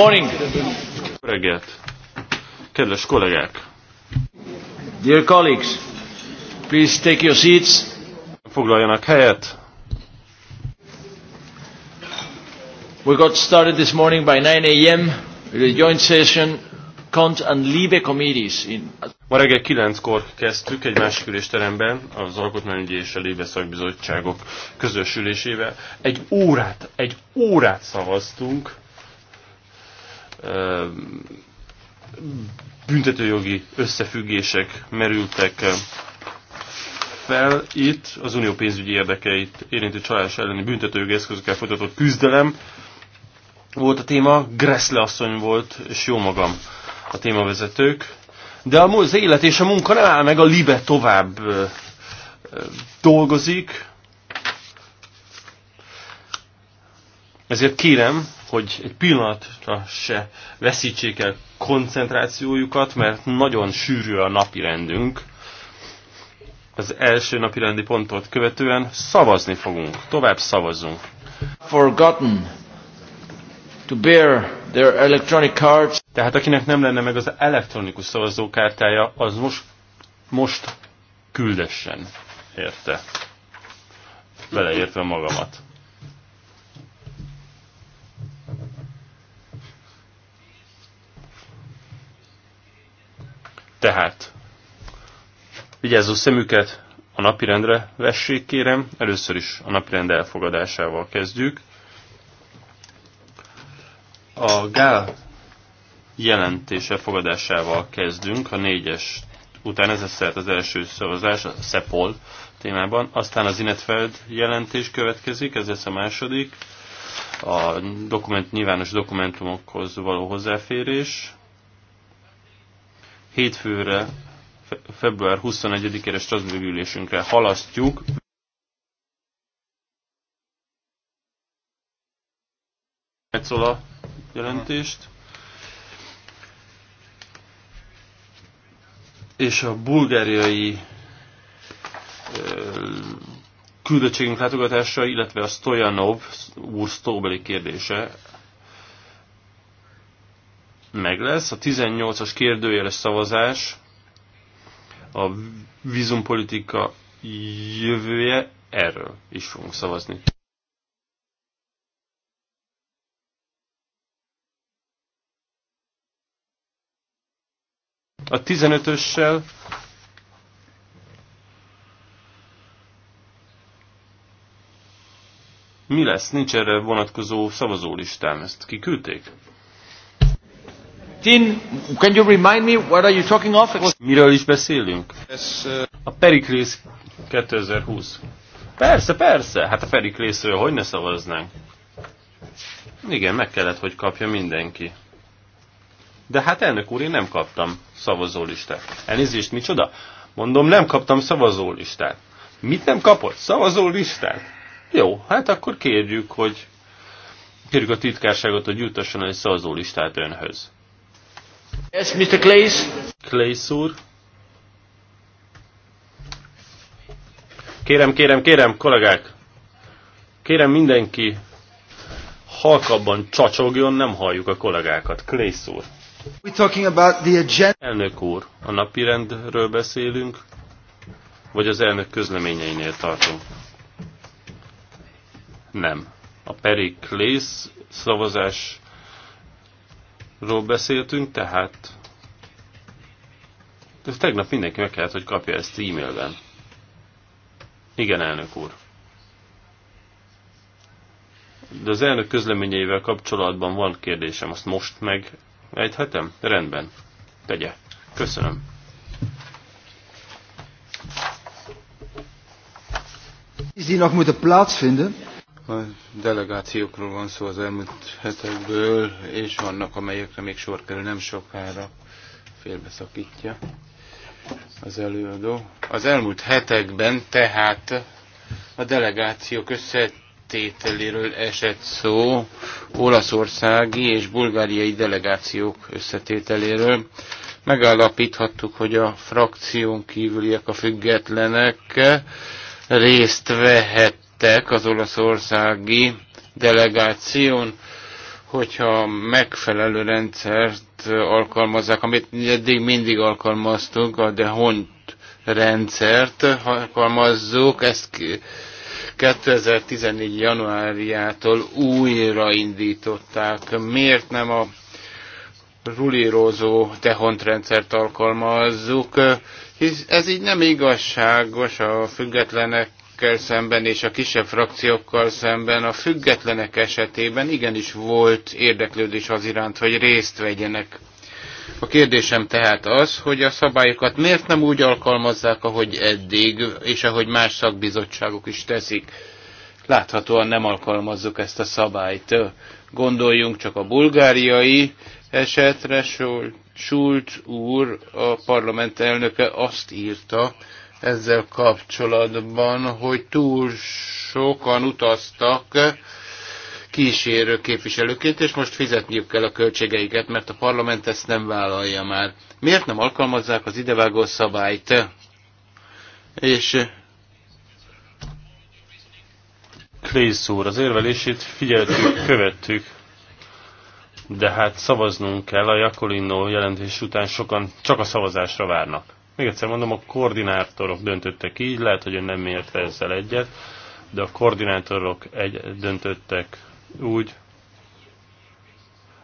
morning. Reggelt. Kedves kollégák. Dear colleagues, please take your seats. Foglaljanak helyet. We got started this morning by 9 a.m. with a joint session Kant and Liebe committees in... Ma reggel kilenckor kezdtük egy másik ülésteremben az Alkotmányügyi és a Liebe szakbizottságok közös ülésével. Egy órát, egy órát szavaztunk büntetőjogi összefüggések merültek fel itt az unió pénzügyi érdekeit érintő csalás elleni büntetőjogi eszközökkel folytatott küzdelem volt a téma, Gressle asszony volt, és jó magam a témavezetők. De az élet és a munka nem áll meg, a Libe tovább dolgozik. Ezért kérem, hogy egy pillanatra se veszítsék el koncentrációjukat, mert nagyon sűrű a napi rendünk. Az első napi rendi pontot követően szavazni fogunk, tovább szavazunk. Forgotten to bear their electronic cards. Tehát akinek nem lenne meg az elektronikus szavazókártyája, az most, most küldessen érte. Beleértve magamat. Tehát vigyázzó szemüket a napirendre vessék, kérem. Először is a napirend elfogadásával kezdjük. A gál jelentés elfogadásával kezdünk, a négyes után ez lesz az első szavazás, a SEPOL témában. Aztán az Inetfeld jelentés következik, ez lesz a második. A dokument, nyilvános dokumentumokhoz való hozzáférés hétfőre, február 21-ére Strasbourg ülésünkre halasztjuk. Metzola jelentést. És a bulgáriai küldöttségünk látogatása, illetve a Stojanov úr Stóbeli kérdése meg lesz. A 18-as kérdőjeles szavazás a vízumpolitika jövője, erről is fogunk szavazni. A 15-össel mi lesz? Nincs erre vonatkozó szavazólistám, ezt kiküldték? Tin, Can you remind me what are you talking of? Miről is beszélünk? Ez, uh... A periklis 2020. Persze, persze, hát a Periklészről hogy ne szavaznánk? Igen, meg kellett, hogy kapja mindenki. De hát elnök úr, én nem kaptam szavazólistát. Elnézést, micsoda? Mondom, nem kaptam szavazólistát. Mit nem kapott? Szavazólistát? Jó, hát akkor kérjük, hogy kérjük a titkárságot, hogy jutasson egy szavazólistát önhöz. Yes, Mr. Clays. Clays úr. Kérem, kérem, kérem, kollégák. Kérem mindenki, halkabban csacsogjon, nem halljuk a kollégákat. Clays úr. We're talking about the agenda. Elnök úr, a napi rendről beszélünk, vagy az elnök közleményeinél tartunk? Nem. A Clays szavazás ról beszéltünk, tehát tegnap mindenki meg kellett, hogy kapja ezt e-mailben. Igen, elnök úr. De az elnök közleményeivel kapcsolatban van kérdésem, azt most meg ejthetem? Rendben. Tegye. Köszönöm. Die nog moeten plaatsvinden a delegációkról van szó az elmúlt hetekből, és vannak, amelyekre még sor kerül nem sokára. Félbeszakítja az előadó. Az elmúlt hetekben tehát a delegációk összetételéről esett szó, olaszországi és bulgáriai delegációk összetételéről. Megállapíthattuk, hogy a frakción kívüliek, a függetlenek részt vehet tettek az olaszországi delegáción, hogyha megfelelő rendszert alkalmazzák, amit eddig mindig alkalmaztunk, a de hont rendszert alkalmazzuk, ezt 2014. januárjától újraindították. Miért nem a rulírozó rendszert alkalmazzuk, hisz ez így nem igazságos a függetlenek szervezetekkel szemben és a kisebb frakciókkal szemben a függetlenek esetében igenis volt érdeklődés az iránt, hogy részt vegyenek. A kérdésem tehát az, hogy a szabályokat miért nem úgy alkalmazzák, ahogy eddig, és ahogy más szakbizottságok is teszik. Láthatóan nem alkalmazzuk ezt a szabályt. Gondoljunk csak a bulgáriai esetre, Sult úr, a parlament elnöke azt írta, ezzel kapcsolatban, hogy túl sokan utaztak kísérő képviselőként, és most fizetniük kell a költségeiket, mert a parlament ezt nem vállalja már. Miért nem alkalmazzák az idevágó szabályt? És Klész úr, az érvelését figyeltük, követtük, de hát szavaznunk kell, a Jakolino jelentés után sokan csak a szavazásra várnak. Még egyszer mondom, a koordinátorok döntöttek így, lehet, hogy ön nem érte ezzel egyet, de a koordinátorok egy döntöttek úgy,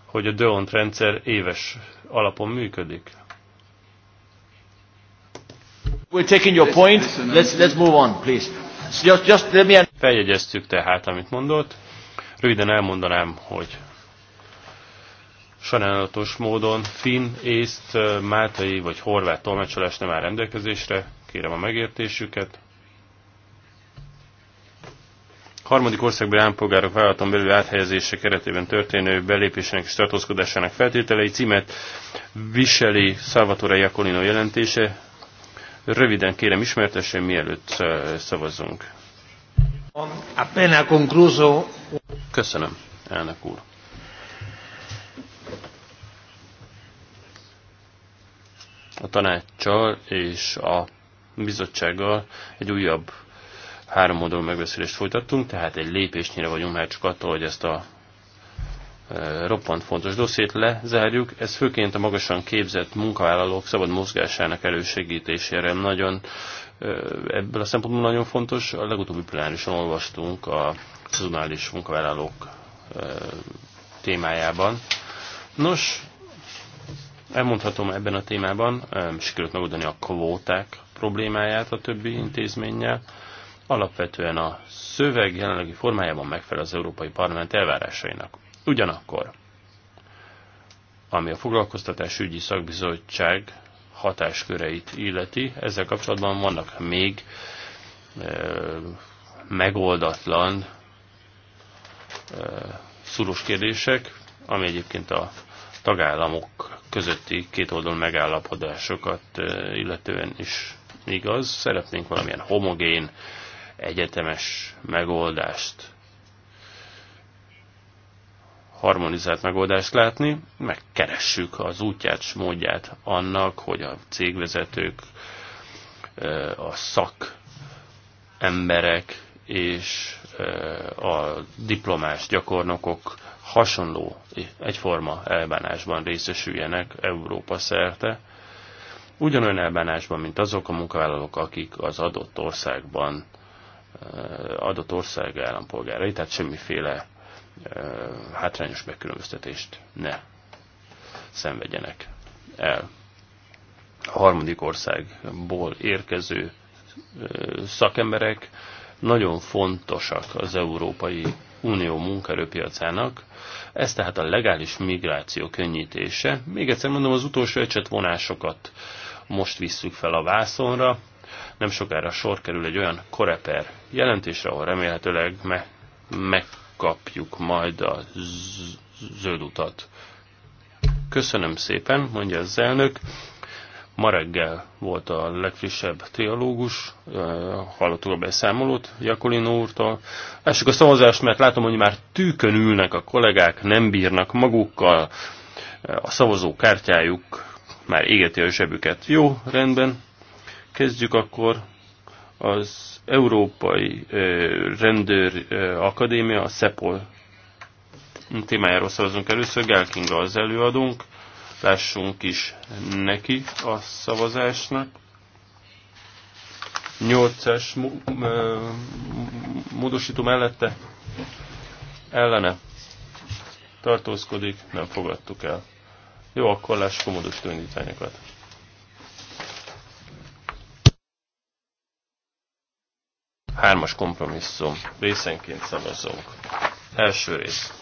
hogy a Deont rendszer éves alapon működik. We're taking your point. Let's, let's move on, please. Just, just let me... Feljegyeztük tehát, amit mondott. Röviden elmondanám, hogy Sajnálatos módon finn, észt, máltai vagy horvát tolmácsolás nem áll rendelkezésre. Kérem a megértésüket. Harmadik országból állampolgárok vállalaton belül áthelyezése keretében történő belépésének és tartózkodásának feltételei címet viseli Salvatore Iacolino jelentése. Röviden kérem ismertessen, mielőtt szavazzunk. Köszönöm, elnök úr. a tanácssal és a bizottsággal egy újabb három oldalú megbeszélést folytattunk, tehát egy lépésnyire vagyunk már csak attól, hogy ezt a e, roppant fontos dossziét lezárjuk. Ez főként a magasan képzett munkavállalók szabad mozgásának elősegítésére nagyon e, ebből a szempontból nagyon fontos. A legutóbbi plenárison olvastunk a szezonális munkavállalók e, témájában. Nos, Elmondhatom ebben a témában, sikerült megoldani a kvóták problémáját a többi intézménnyel. Alapvetően a szöveg jelenlegi formájában megfelel az Európai Parlament elvárásainak. Ugyanakkor, ami a foglalkoztatás ügyi szakbizottság hatásköreit illeti, ezzel kapcsolatban vannak még e, megoldatlan e, szuros kérdések, ami egyébként a tagállamok közötti kétoldalú megállapodásokat illetően is igaz. Szeretnénk valamilyen homogén, egyetemes megoldást, harmonizált megoldást látni, megkeressük az útját, módját annak, hogy a cégvezetők, a szak emberek és a diplomás gyakornokok hasonló, egyforma elbánásban részesüljenek Európa szerte, ugyanolyan elbánásban, mint azok a munkavállalók, akik az adott országban, eh, adott ország állampolgárai, tehát semmiféle eh, hátrányos megkülönböztetést ne szenvedjenek el. A harmadik országból érkező eh, szakemberek nagyon fontosak az európai Unió munkaerőpiacának, ez tehát a legális migráció könnyítése. Még egyszer mondom, az utolsó ecset vonásokat most visszük fel a vászonra, nem sokára sor kerül egy olyan koreper jelentésre, ahol remélhetőleg me megkapjuk majd a zöld utat. Köszönöm szépen, mondja az elnök. Ma reggel volt a legfrissebb trialógus, hallottuk a beszámolót Jakolino úrtól. Lássuk a szavazást, mert látom, hogy már tűkön ülnek a kollégák, nem bírnak magukkal, a szavazó kártyájuk már égeti a zsebüket. Jó, rendben, kezdjük akkor az Európai Rendőr Akadémia, a SEPOL témájáról szavazunk először, Gál Kinga az előadónk lássunk is neki a szavazásnak. 8-as módosító mellette ellene tartózkodik, nem fogadtuk el. Jó, akkor lássuk a módosító indítványokat. Hármas kompromisszum. Részenként szavazunk. Első rész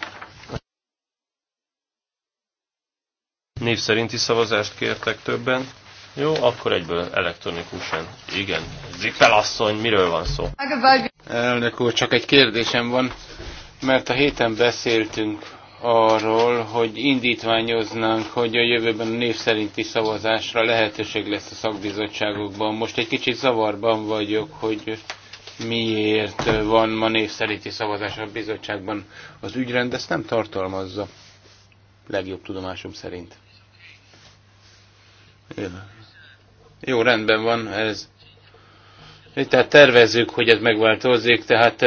Név szerinti szavazást kértek többen. Jó, akkor egyből elektronikusan. Igen. Zippel asszony, miről van szó? Elnök úr, csak egy kérdésem van, mert a héten beszéltünk arról, hogy indítványoznánk, hogy a jövőben a név szerinti szavazásra lehetőség lesz a szakbizottságokban. Most egy kicsit zavarban vagyok, hogy miért van ma név szerinti szavazás a bizottságban. Az ügyrend ezt nem tartalmazza, legjobb tudomásom szerint. Jó, rendben van ez. Tehát tervezzük, hogy ez megváltozik, tehát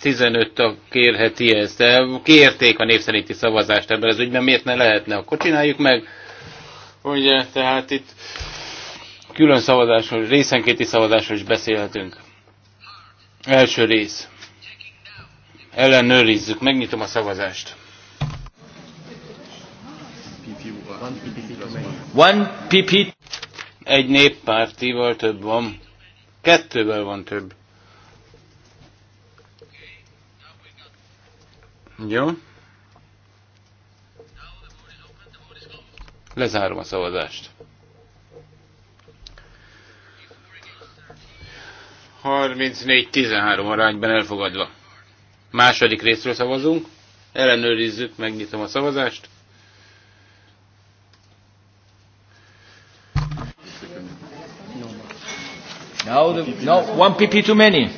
15 eh, tag kérheti ezt. Kérték a népszerinti szavazást ebben az ügyben, miért ne lehetne? Akkor csináljuk meg. Ugye, tehát itt külön szavazásról, részenkéti szavazásról is beszélhetünk. Első rész. Ellenőrizzük, megnyitom a szavazást. One PP. Egy néppártival több van. Kettővel van több. Jó. Lezárom a szavazást. 34-13 arányban elfogadva. Második részről szavazunk. Ellenőrizzük, megnyitom a szavazást. Now the, no, one PP too many.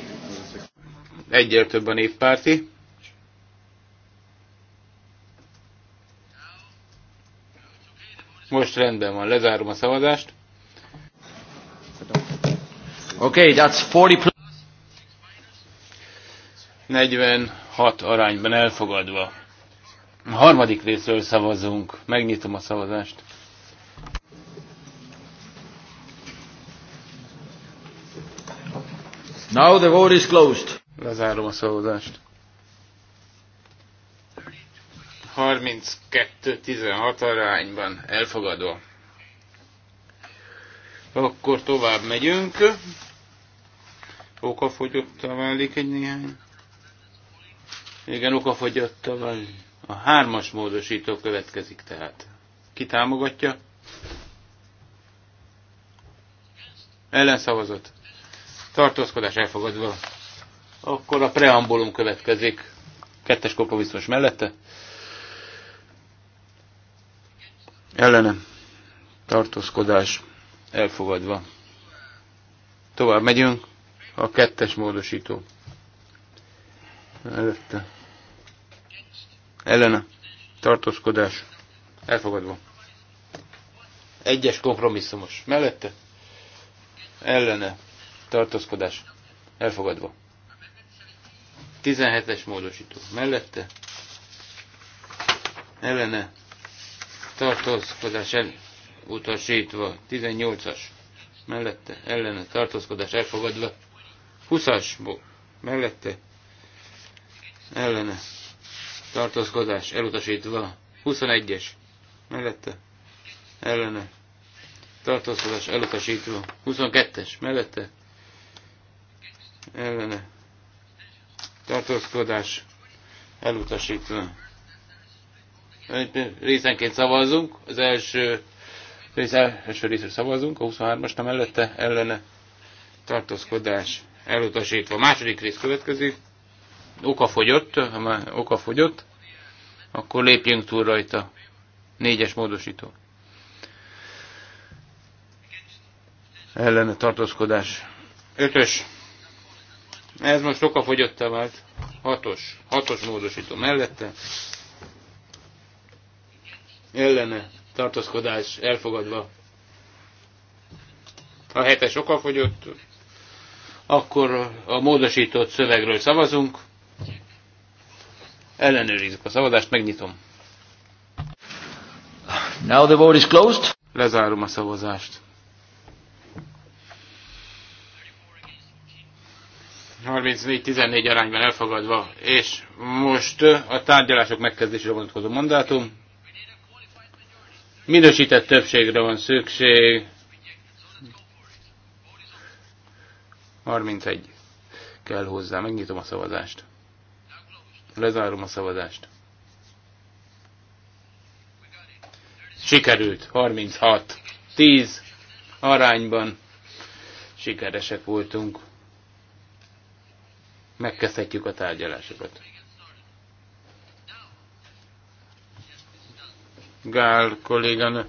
Egyel több a néppárti. Most rendben van, lezárom a szavazást. Okay, that's 40 plus. 46 arányban elfogadva. A harmadik részről szavazunk. Megnyitom a szavazást. Now the vote is closed. Lezárom a szavazást. 32-16 arányban elfogadva. Akkor tovább megyünk. Okafogyottá válik egy néhány. Igen, okafogyottá válik. A hármas módosító következik tehát. Ki támogatja? Ellenszavazott tartózkodás elfogadva. Akkor a preambulum következik. Kettes biztos mellette. Ellene. Tartózkodás elfogadva. Tovább megyünk. A kettes módosító. Előtte. Ellene. Tartózkodás. Elfogadva. Egyes kompromisszumos. Mellette. Ellene tartózkodás elfogadva. 17-es módosító mellette, ellene tartózkodás elutasítva, 18-as mellette, ellene tartózkodás elfogadva, 20-as mellette, ellene tartózkodás elutasítva, 21-es mellette, ellene tartózkodás elutasítva, 22-es mellette, ellene tartózkodás elutasítva. Részenként szavazunk, az első, rész, első részre szavazunk, a 23-as mellette ellene tartózkodás elutasítva. A második rész következik, oka fogyott, ha már oka fogyott, akkor lépjünk túl rajta. Négyes módosító. Ellene tartózkodás. Ötös ez most okafogyottá vált. Hatos. Hatos módosító mellette. Ellene Tartozkodás elfogadva. A hetes okafogyott. Akkor a módosított szövegről szavazunk. Ellenőrizzük a szavazást, megnyitom. Now the vote is closed. Lezárom a szavazást. 34-14 arányban elfogadva, és most a tárgyalások megkezdésére vonatkozó mandátum. Minősített többségre van szükség. 31 kell hozzá. Megnyitom a szavazást. Lezárom a szavazást. Sikerült. 36. 10 arányban sikeresek voltunk megkezdhetjük a tárgyalásokat. Gál kolléganő.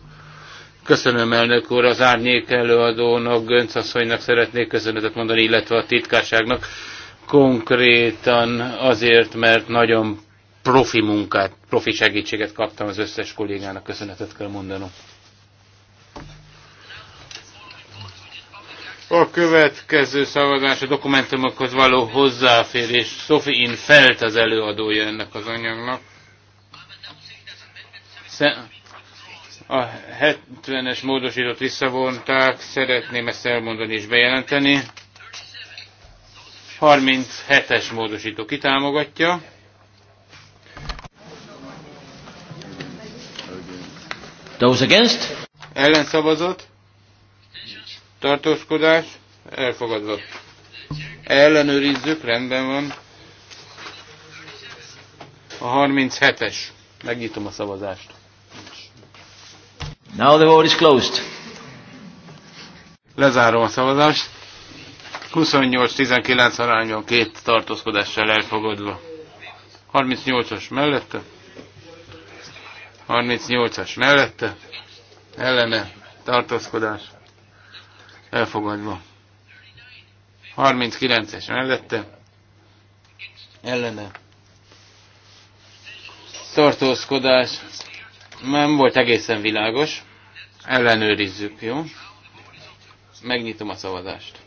Köszönöm elnök úr, az árnyék előadónak, Gönc asszonynak szeretnék köszönetet mondani, illetve a titkárságnak konkrétan azért, mert nagyon profi munkát, profi segítséget kaptam az összes kollégának, köszönetet kell mondanom. A következő szavazás a dokumentumokhoz való hozzáférés. Sophie felt az előadója ennek az anyagnak. A 70-es módosított visszavonták, szeretném ezt elmondani és bejelenteni. 37-es módosító kitámogatja. Those against? Ellen szavazott tartózkodás, elfogadva. Ellenőrizzük, rendben van. A 37-es. Megnyitom a szavazást. Now the vote is closed. Lezárom a szavazást. 28-19 arányban két tartózkodással elfogadva. 38-as mellette. 38-as mellette. Ellene tartózkodás elfogadva. 39-es mellette, ellene. Tartózkodás nem volt egészen világos. Ellenőrizzük, jó? Megnyitom a szavazást.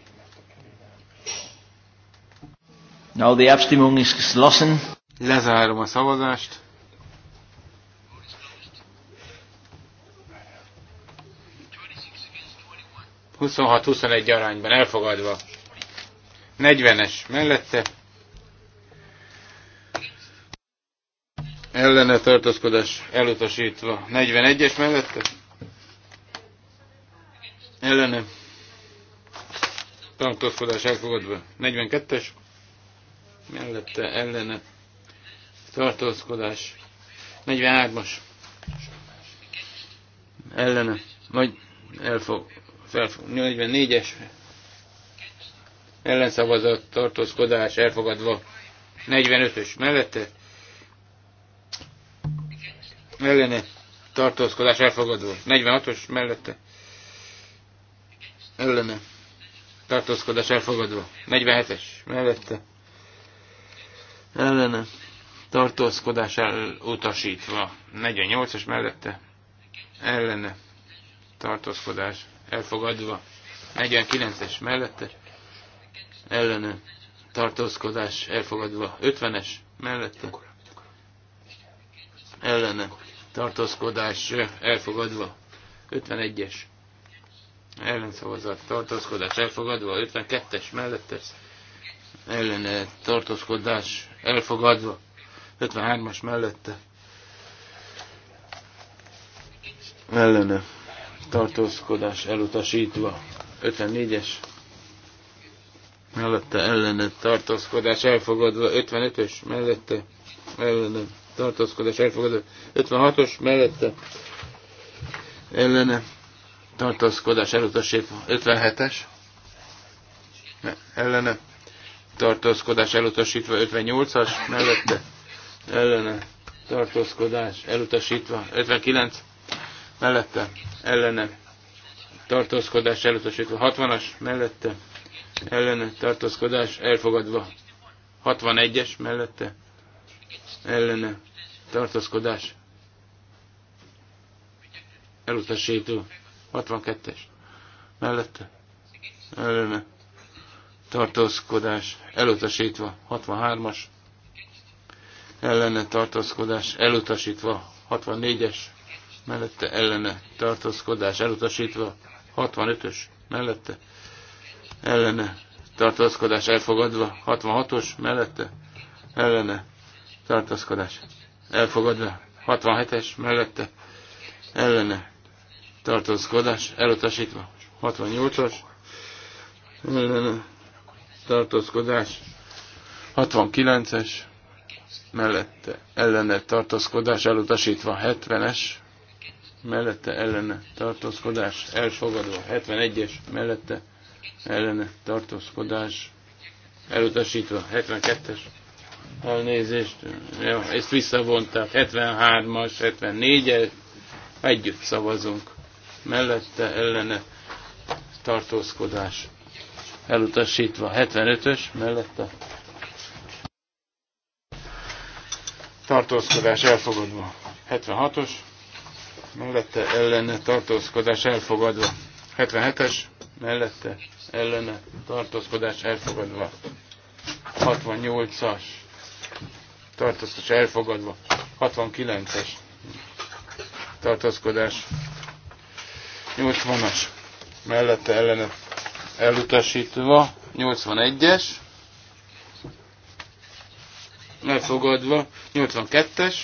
Now the Abstimmung is geschlossen. Lezárom a szavazást. 26-21 arányban elfogadva. 40-es mellette. Ellene tartózkodás elutasítva. 41-es mellette. Ellene tartózkodás elfogadva. 42-es mellette ellene tartózkodás. 43-as ellene, Majd elfog, 44-es ellenszavazat tartózkodás elfogadva 45-ös mellette ellene tartózkodás elfogadva 46-os mellette ellene tartózkodás elfogadva 47-es mellette ellene tartózkodás elutasítva 48-as mellette ellene tartózkodás elfogadva. 49-es mellette ellene tartózkodás elfogadva. 50-es mellette ellene tartózkodás elfogadva. 51-es ellenszavazat tartózkodás elfogadva. 52-es mellette ellene tartózkodás elfogadva. 53-as mellette ellene tartózkodás elutasítva. 54-es mellette ellene tartózkodás elfogadva. 55-ös mellette ellene tartózkodás elfogadva. 56-os mellette ellene tartózkodás elutasítva. 57-es ellene tartózkodás elutasítva. 58-as mellette ellene tartózkodás elutasítva. 59 mellette ellene tartózkodás elutasítva. 60-as mellette ellene tartózkodás elfogadva. 61-es mellette ellene tartózkodás elutasító. 62-es mellette ellene tartózkodás elutasítva. 63-as ellene tartózkodás elutasítva. 64-es mellette ellene tartózkodás elutasítva, 65-ös mellette ellene tartózkodás elfogadva, 66-os mellette ellene tartózkodás elfogadva, 67-es mellette ellene tartózkodás elutasítva, 68 os ellene tartózkodás 69-es mellette ellene tartózkodás elutasítva 70-es mellette ellene tartózkodás elfogadva, 71-es mellette ellene tartózkodás elutasítva, 72-es elnézést, ja, ezt visszavonták, 73-as, 74-es, együtt szavazunk, mellette ellene tartózkodás elutasítva, 75-ös, mellette tartózkodás elfogadva, 76-os, mellette ellene tartózkodás elfogadva. 77-es mellette ellene tartózkodás elfogadva. 68-as tartózkodás elfogadva. 69-es tartózkodás. 80-as mellette ellene elutasítva. 81-es elfogadva. 82-es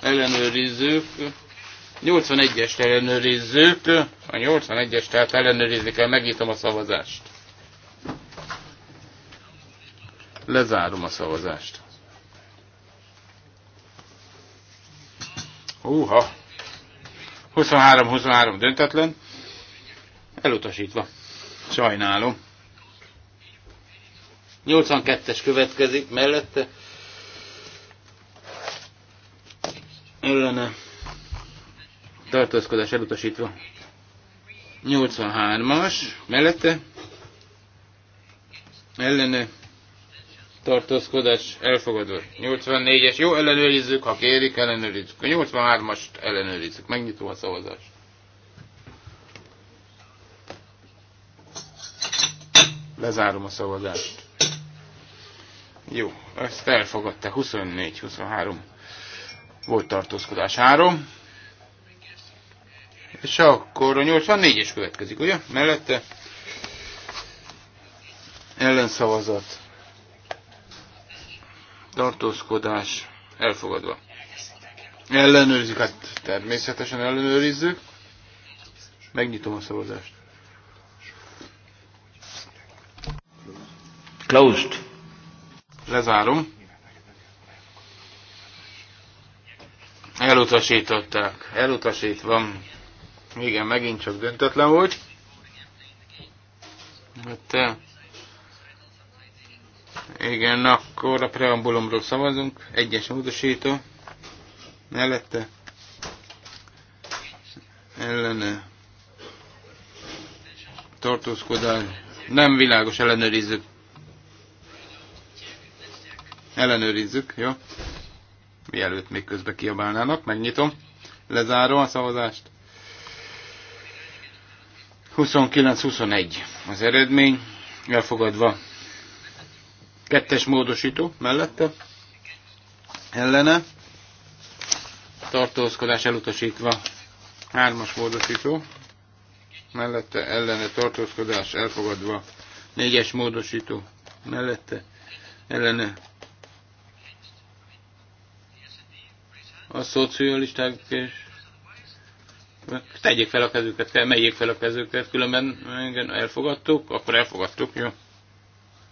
ellenőrizők 81-est ellenőrizzük. A 81 est tehát ellenőrizni kell, megnyitom a szavazást. Lezárom a szavazást. Húha! 23-23 döntetlen. Elutasítva. Sajnálom. 82-es következik mellette. Ellene tartózkodás elutasítva. 83-as, mellette, ellene, tartózkodás elfogadva. 84-es, jó, ellenőrizzük, ha kérik, ellenőrizzük. A 83-ast ellenőrizzük, megnyitom a szavazást. Lezárom a szavazást. Jó, ezt elfogadta 24-23. Volt tartózkodás 3. És akkor a 84-es következik, ugye? Mellette ellenszavazat, tartózkodás, elfogadva. Ellenőrizzük, hát természetesen ellenőrizzük. Megnyitom a szavazást. Closed. Lezárom. Elutasították. Elutasítva. Igen, megint csak döntetlen volt. Hát te... Eh, igen, akkor a preambulumról szavazunk. Egyes módosító. Mellette. Ellene. Tartózkodás. Nem világos, ellenőrizzük. Ellenőrizzük, jó? Mielőtt még közbe kiabálnának, megnyitom. Lezárom a szavazást. 29-21 az eredmény, elfogadva. Kettes módosító mellette, ellene, tartózkodás elutasítva. Hármas módosító, mellette, ellene, tartózkodás elfogadva. Négyes módosító, mellette, ellene. A szocialisták és Tegyék fel a kezüket, kell, megyék fel a kezüket, különben igen, elfogadtuk, akkor elfogadtuk, jó.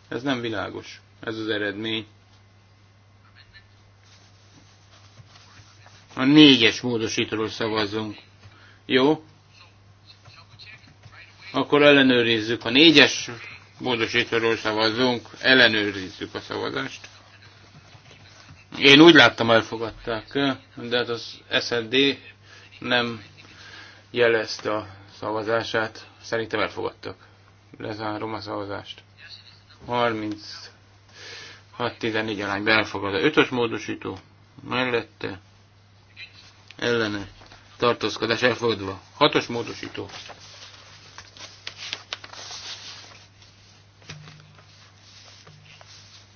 Ez nem világos, ez az eredmény. A négyes módosítóról szavazzunk. Jó? Akkor ellenőrizzük. A négyes módosítóról szavazzunk, ellenőrizzük a szavazást. Én úgy láttam, elfogadták, de hát az SND nem jelezte a szavazását. Szerintem elfogadtak. Lezárom a szavazást. 36 14 arányban elfogadva. Ötös módosító mellette ellene tartózkodás elfogadva. Hatos módosító.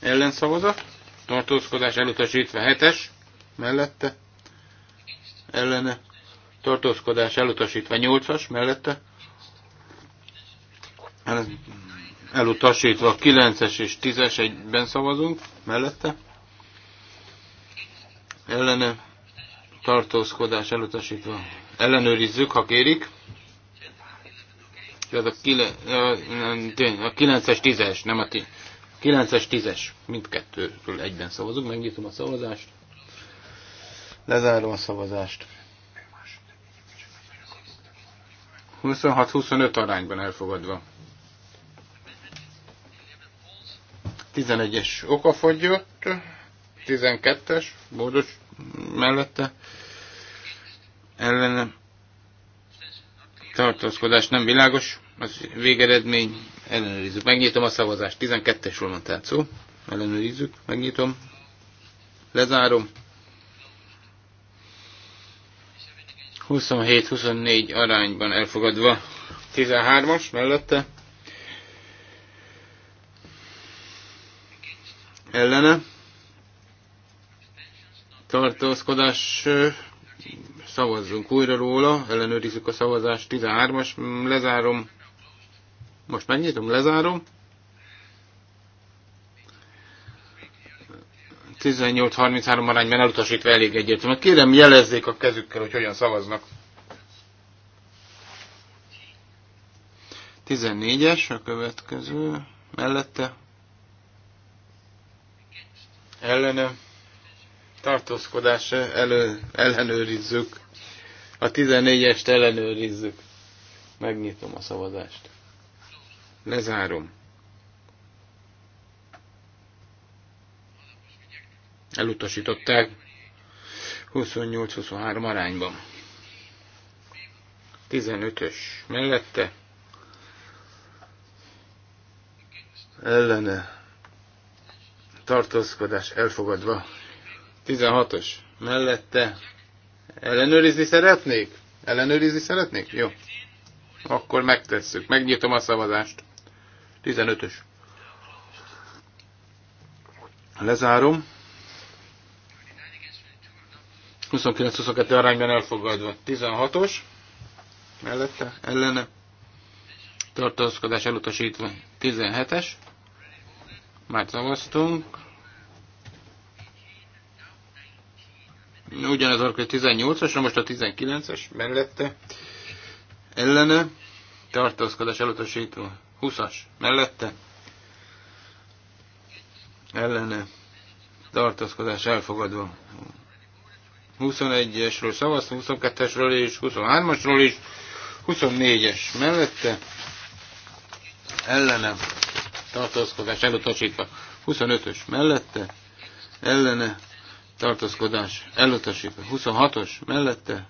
Ellenszavazat. Tartózkodás elutasítva. Hetes mellette ellene tartózkodás elutasítva 8-as mellette, elutasítva 9-es és 10-es egyben szavazunk mellette, ellene tartózkodás elutasítva ellenőrizzük, ha kérik. Ez a 9-es, 10-es, nem a 9-es, 10-es, mindkettőről egyben szavazunk, megnyitom a szavazást. Lezárom a szavazást. 26-25 arányban elfogadva. 11-es okafogyott, 12-es módos mellette ellenem tartózkodás nem világos, az végeredmény, ellenőrizzük. Megnyitom a szavazást, 12 es volna tehát szó, ellenőrizzük, megnyitom, lezárom, 27-24 arányban elfogadva. 13-as mellette. Ellene. Tartózkodás. Szavazzunk újra róla. Ellenőrizzük a szavazást. 13-as. Lezárom. Most megnyitom, lezárom. 18-33 arányban elutasítva elég egyértelmű. Kérem, jelezzék a kezükkel, hogy hogyan szavaznak. 14-es a következő, mellette, ellene, tartózkodás elő, ellenőrizzük. A 14-est ellenőrizzük. Megnyitom a szavazást. Lezárom. Elutasították 28-23 arányban. 15-ös mellette ellene tartózkodás elfogadva. 16-os mellette ellenőrizni szeretnék? Ellenőrizni szeretnék? Jó. Akkor megtesszük. Megnyitom a szavazást. 15-ös. Lezárom. 29-22 arányban elfogadva. 16-os mellette, ellene tartózkodás elutasítva. 17-es már szavaztunk. Ugyanez a 18 as most a 19-es mellette ellene tartózkodás elutasítva. 20-as mellette ellene tartózkodás elfogadva. 21-esről szavaztam, 22-esről és 23-asról is, 24-es mellette ellene tartózkodás elutasítva, 25-ös mellette ellene tartózkodás elutasítva, 26-os mellette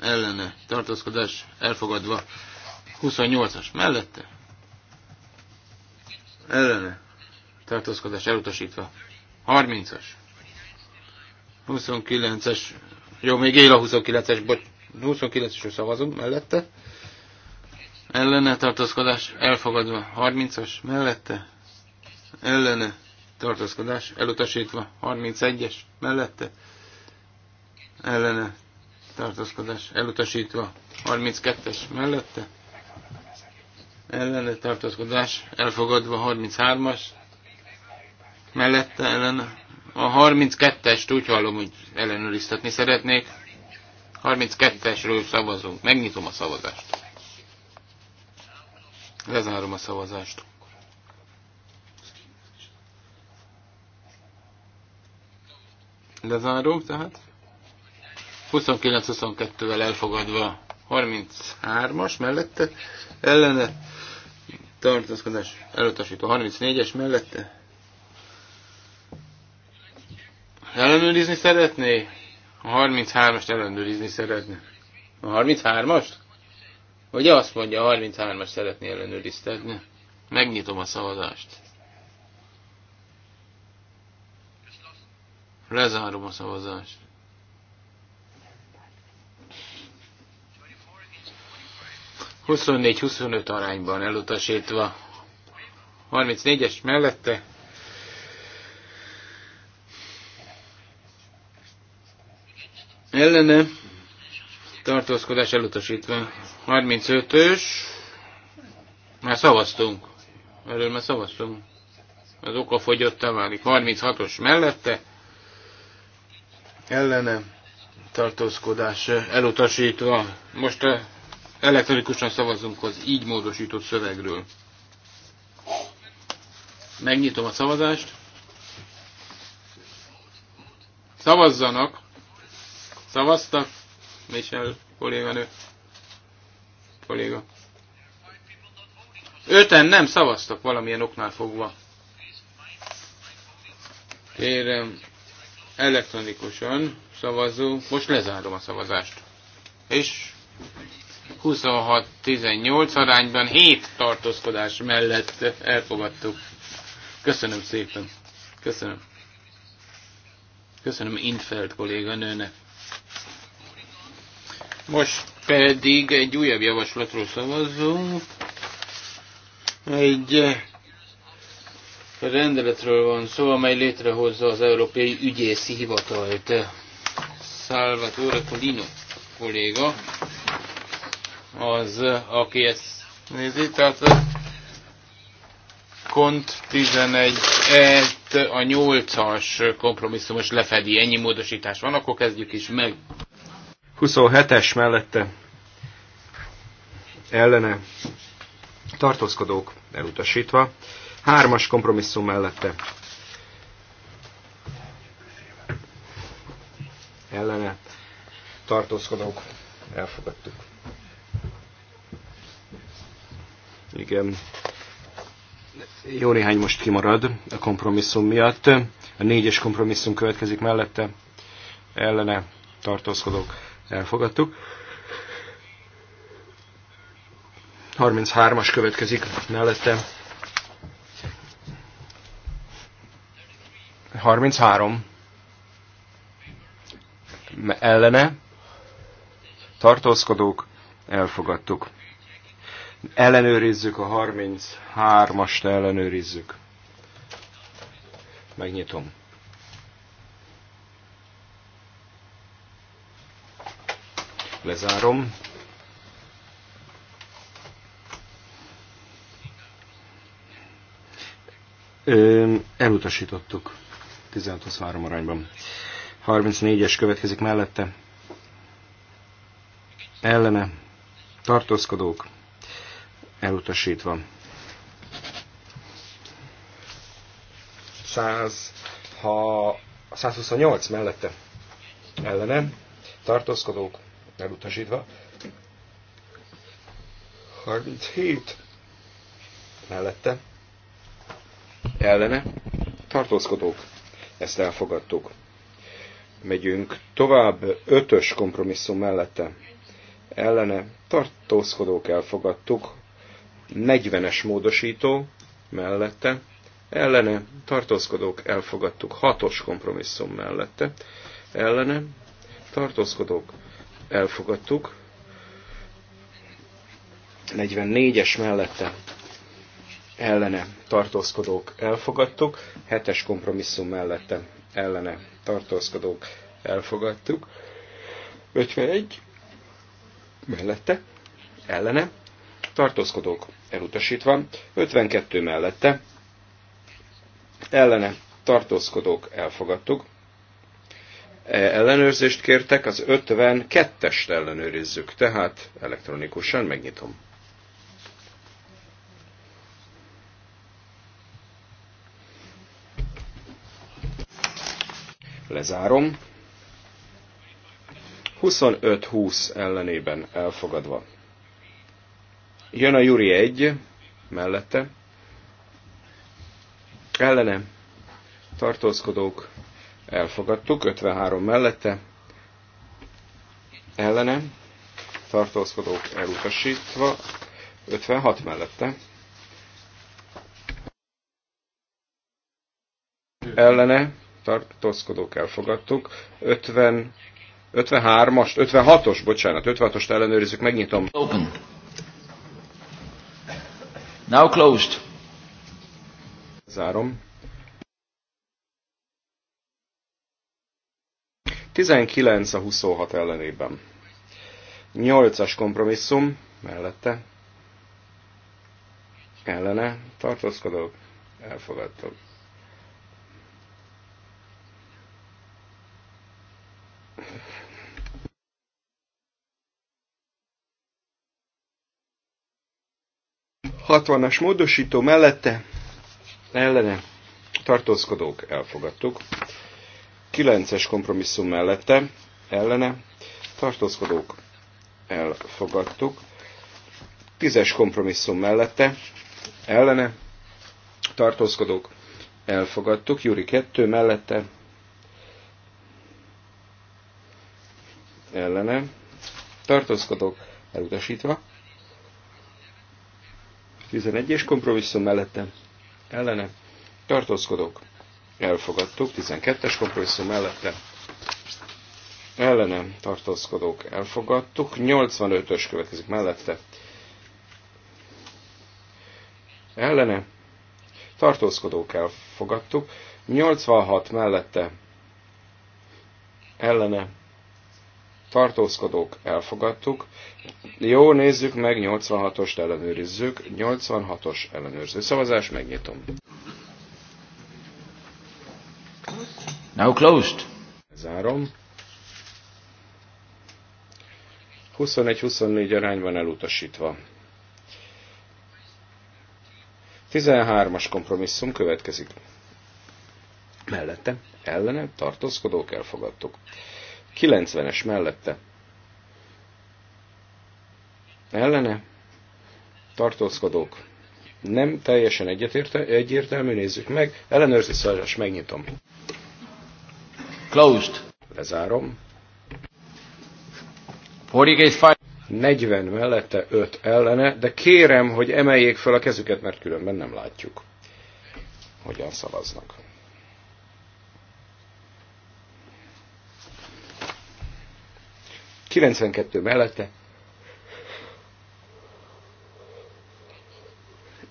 ellene tartózkodás elfogadva, 28-as mellette ellene tartózkodás elutasítva, 30-as 29-es, jó, még él a 29-es, bocs, 29-esről szavazunk mellette. Ellene tartózkodás elfogadva. 30-as mellette. Ellene tartózkodás elutasítva. 31-es mellette. Ellene tartózkodás elutasítva. 32-es mellette. Ellene tartózkodás elfogadva. 33-as mellette ellene a 32-est úgy hallom, hogy ellenőriztetni szeretnék. 32-esről szavazunk. Megnyitom a szavazást. Lezárom a szavazást. Lezárom tehát. 29-22-vel elfogadva 33-as mellette ellene tartozkodás elutasító 34-es mellette Ellenőrizni szeretné? A 33-ast ellenőrizni szeretné. A 33-ast? Vagy azt mondja, a 33 as szeretné ellenőriztetni. Megnyitom a szavazást. Lezárom a szavazást. 24-25 arányban elutasítva. 34-es mellette ellene tartózkodás elutasítva. 35-ös, már szavaztunk, erről már szavaztunk, az oka fogyottá válik. 36-os mellette, ellene tartózkodás elutasítva. Most elektronikusan szavazunk az így módosított szövegről. Megnyitom a szavazást. Szavazzanak! szavazta, Michel kolléganő. Kolléga. Öten nem szavaztak valamilyen oknál fogva. Kérem, elektronikusan szavazó. Most lezárom a szavazást. És 26-18 arányban 7 tartózkodás mellett elfogadtuk. Köszönöm szépen. Köszönöm. Köszönöm Infeld kolléganőnek. Most pedig egy újabb javaslatról szavazzunk. Egy eh, rendeletről van szó, amely létrehozza az Európai Ügyészi Hivatalt. Salvatore Colino kolléga az, eh, aki ezt nézi, tehát a kont 11-et a 8-as kompromisszumos lefedi, ennyi módosítás van, akkor kezdjük is meg. 27-es mellette ellene tartózkodók elutasítva, 3-as kompromisszum mellette ellene tartózkodók elfogadtuk. Igen. Jó néhány most kimarad a kompromisszum miatt. A négyes kompromisszum következik mellette. Ellene tartózkodók elfogadtuk. 33-as következik mellette. 33. Ellene. Tartózkodók. Elfogadtuk. Ellenőrizzük a 33-ast, ellenőrizzük. Megnyitom. Lezárom. elutasítottuk 16-23 arányban. 34-es következik mellette. Ellene tartózkodók elutasítva. 100, ha 128 mellette ellene tartózkodók elutasítva. 37 mellette ellene tartózkodók. Ezt elfogadtuk. Megyünk tovább ötös kompromisszum mellette. Ellene tartózkodók elfogadtuk. 40-es módosító mellette. Ellene tartózkodók elfogadtuk. Hatos kompromisszum mellette. Ellene tartózkodók elfogadtuk. 44-es mellette ellene tartózkodók elfogadtuk, 7-es kompromisszum mellette ellene tartózkodók elfogadtuk, 51 mellette ellene tartózkodók elutasítva, 52 mellette ellene tartózkodók elfogadtuk, E, ellenőrzést kértek, az 52-est ellenőrizzük, tehát elektronikusan megnyitom. Lezárom. 25-20 ellenében elfogadva. Jön a Juri 1 mellette. Ellene tartózkodók elfogadtuk, 53 mellette, ellene, tartózkodók elutasítva, 56 mellette, ellene, tartózkodók elfogadtuk, 50, 53-as, 56-os, bocsánat, 56-ost ellenőrizzük, megnyitom. Open. Now closed. Zárom. 19 a 26 ellenében. 8-as kompromisszum mellette. Ellene tartózkodok, Elfogadtok. Hatvanas módosító mellette ellene tartózkodók elfogadtuk. 9-es kompromisszum mellette, ellene, tartózkodók, elfogadtuk. 10-es kompromisszum mellette, ellene, tartózkodók, elfogadtuk. Júri 2 mellette, ellene, tartózkodók, elutasítva. 11-es kompromisszum mellette, ellene, tartózkodók, elfogadtuk, 12-es kompromisszum mellette ellene tartózkodók elfogadtuk, 85-ös következik mellette ellene tartózkodók elfogadtuk, 86 mellette ellene tartózkodók elfogadtuk. Jó, nézzük meg, 86-ost ellenőrizzük, 86-os ellenőrző szavazás, megnyitom. Now closed. Zárom. 21-24 arányban elutasítva. 13-as kompromisszum következik. Mellette, ellene, tartózkodók elfogadtuk. 90-es mellette. Ellene, tartózkodók. Nem teljesen egyetérte, egyértelmű, nézzük meg. Ellenőrzés szajás, megnyitom. Closed. Lezárom. 40 mellette 5 ellene, de kérem, hogy emeljék fel a kezüket, mert különben nem látjuk, hogyan szavaznak. Kilencvenkettő mellette.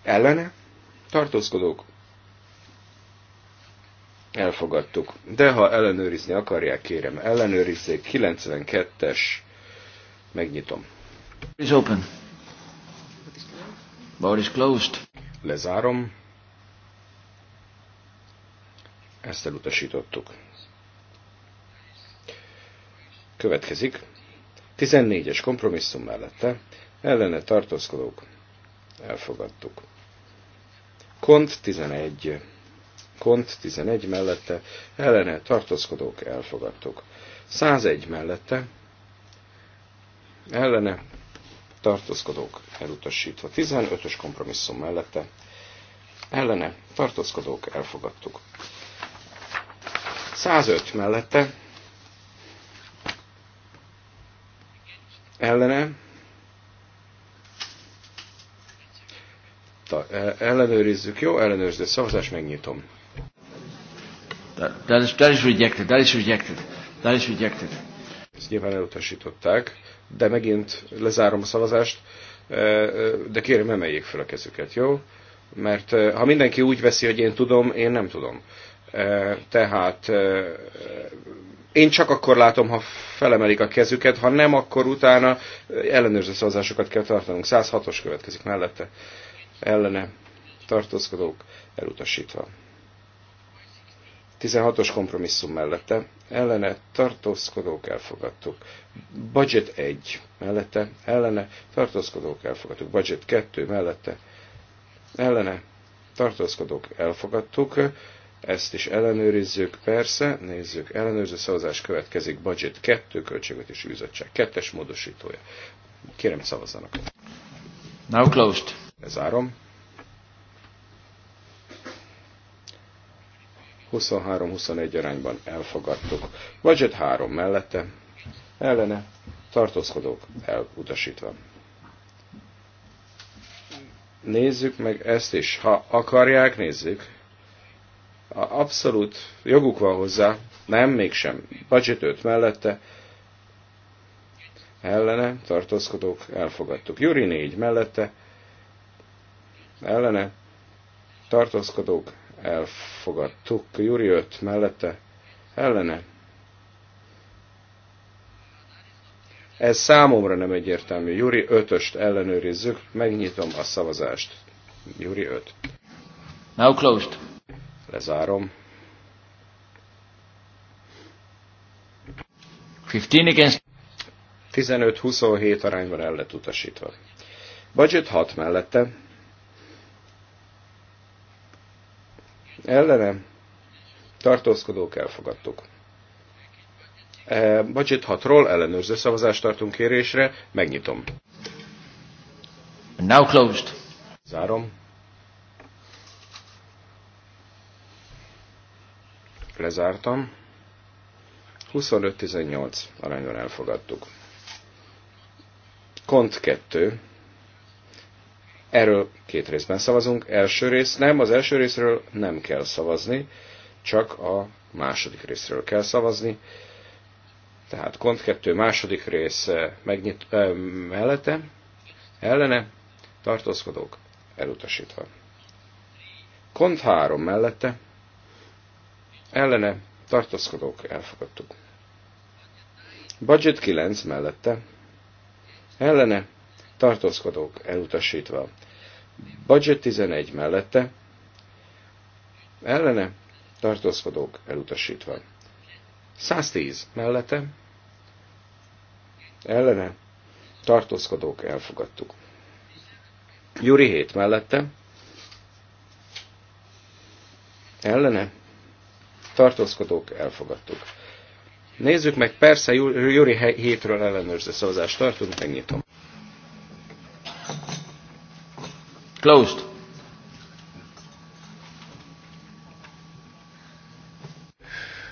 Ellene? Tartózkodók elfogadtuk. De ha ellenőrizni akarják, kérem, ellenőrizzék. 92-es, megnyitom. Is open. Bar is closed. Lezárom. Ezt elutasítottuk. Következik. 14-es kompromisszum mellette ellene tartózkodók elfogadtuk. Kont 11 kont 11 mellette, ellene tartózkodók elfogadtuk. 101 mellette, ellene tartózkodók elutasítva. 15-ös kompromisszum mellette, ellene tartózkodók elfogadtuk. 105 mellette, ellene ellenőrizzük, jó, ellenőrző szavazás, megnyitom. That, is, that is rejected, that is rejected, that is rejected. Ezt nyilván elutasították, de megint lezárom a szavazást, eh, eh, de kérem emeljék fel a kezüket, jó? Mert eh, ha mindenki úgy veszi, hogy én tudom, én nem tudom. Tehát én csak akkor látom, ha felemelik a kezüket, ha nem, akkor utána ellenőrző szavazásokat kell tartanunk. 106-os következik mellette, ellene tartózkodók elutasítva. 16-os kompromisszum mellette ellene tartózkodók elfogadtuk. Budget 1 mellette ellene tartózkodók elfogadtuk. Budget 2 mellette ellene tartózkodók elfogadtuk. Ezt is ellenőrizzük, persze, nézzük, ellenőrző szavazás következik, budget 2, költségvetési bizottság 2-es módosítója. Kérem szavazzanak. Now closed. árom. 23-21 arányban elfogadtuk. Budget 3 mellette, ellene tartózkodók elutasítva. Nézzük meg ezt is. Ha akarják, nézzük. Abszolút joguk van hozzá. Nem, mégsem. Budget 5 mellette, ellene tartózkodók elfogadtuk. Juri 4 mellette, ellene tartózkodók elfogadtuk. Júri 5 mellette ellene. Ez számomra nem egyértelmű. Júri 5-öst ellenőrizzük, megnyitom a szavazást. Júri 5. Now closed. Lezárom. 15-27 arányban el lett utasítva. Budget 6 mellette ellene tartózkodók elfogadtuk. E, budget 6-ról ellenőrző szavazást tartunk kérésre, megnyitom. Now closed. Zárom. Lezártam. 25-18 arányban elfogadtuk. Kont 2 Erről két részben szavazunk. Első rész nem, az első részről nem kell szavazni, csak a második részről kell szavazni. Tehát kont 2 második rész eh, megnyit, ö, eh, mellette, ellene, tartózkodók, elutasítva. Kont 3 mellette, ellene, tartózkodók, elfogadtuk. Budget 9 mellette, ellene, tartózkodók elutasítva. Budget 11 mellette, ellene, tartózkodók elutasítva. 110 mellette, ellene, tartózkodók elfogadtuk. Juri 7 mellette, ellene, tartózkodók elfogadtuk. Nézzük meg, persze Juri hétről ellenőrző szavazást tartunk, megnyitom. Closed.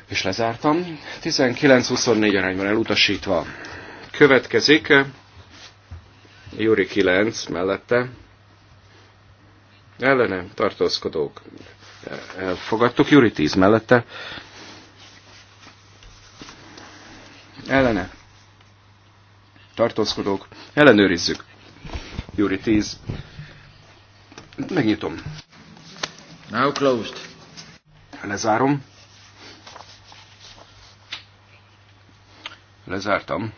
És lezártam. 19-24 arányban elutasítva. Következik eh, Júri 9 mellette. Ellene tartózkodók. Eh, elfogadtuk Júri 10 mellette. Ellene tartózkodók. Ellenőrizzük. Júri 10. Megnyitom. Now closed. Lezárom. Lezártam.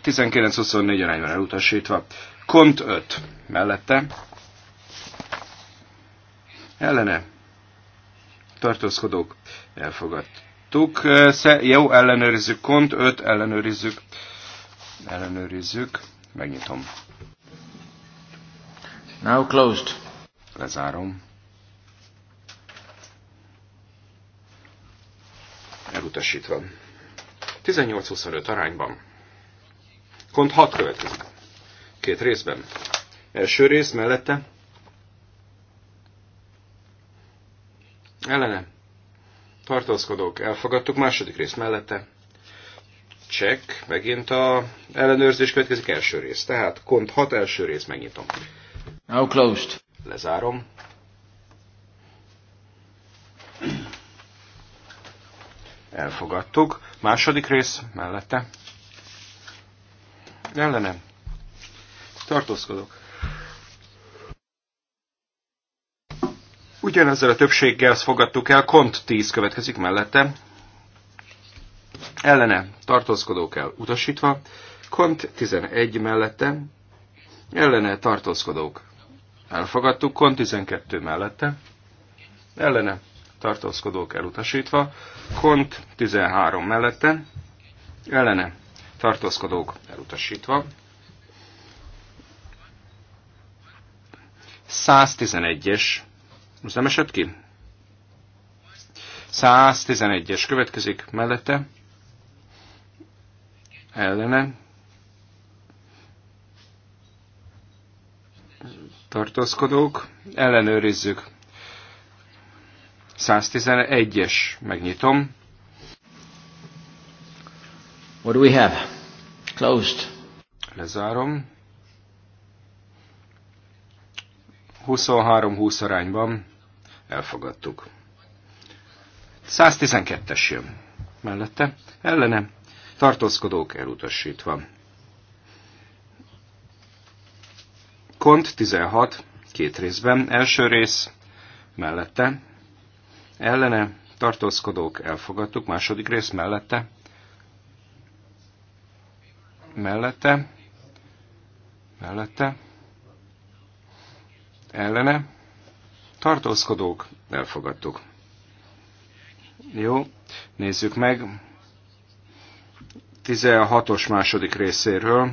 19 arányban elutasítva. Kont 5 mellette. Ellene. Tartózkodók. Elfogadtuk. Sze, jó, ellenőrizzük. Kont 5 ellenőrizzük. Ellenőrizzük. Megnyitom. Now closed. Lezárom. Elutasítva. 18-25 arányban. Kont 6 következik. Két részben. Első rész mellette. Ellene. Tartózkodók. Elfogadtuk. Második rész mellette. Check. Megint a ellenőrzés következik első rész. Tehát kont 6 első rész megnyitom. Now closed. Lezárom. Elfogadtuk. Második rész mellette. Ellenem. Tartózkodok. Ugyanezzel a többséggel fogadtuk el, kont 10 következik mellette. Ellene tartózkodók el utasítva, kont 11 mellette, ellene tartózkodók elfogadtuk, kon 12 mellette, ellene tartózkodók elutasítva, kont 13 mellette, ellene tartózkodók elutasítva, 111-es, most nem esett ki? 111-es következik mellette, ellene tartózkodók, ellenőrizzük. 111-es, megnyitom. What do we have? Closed. Lezárom. 23-20 arányban elfogadtuk. 112-es jön. Mellette, ellene, tartózkodók elutasítva. Kont 16, két részben. Első rész mellette, ellene, tartózkodók, elfogadtuk. Második rész mellette, mellette, mellette, ellene, tartózkodók, elfogadtuk. Jó, nézzük meg. 16-os második részéről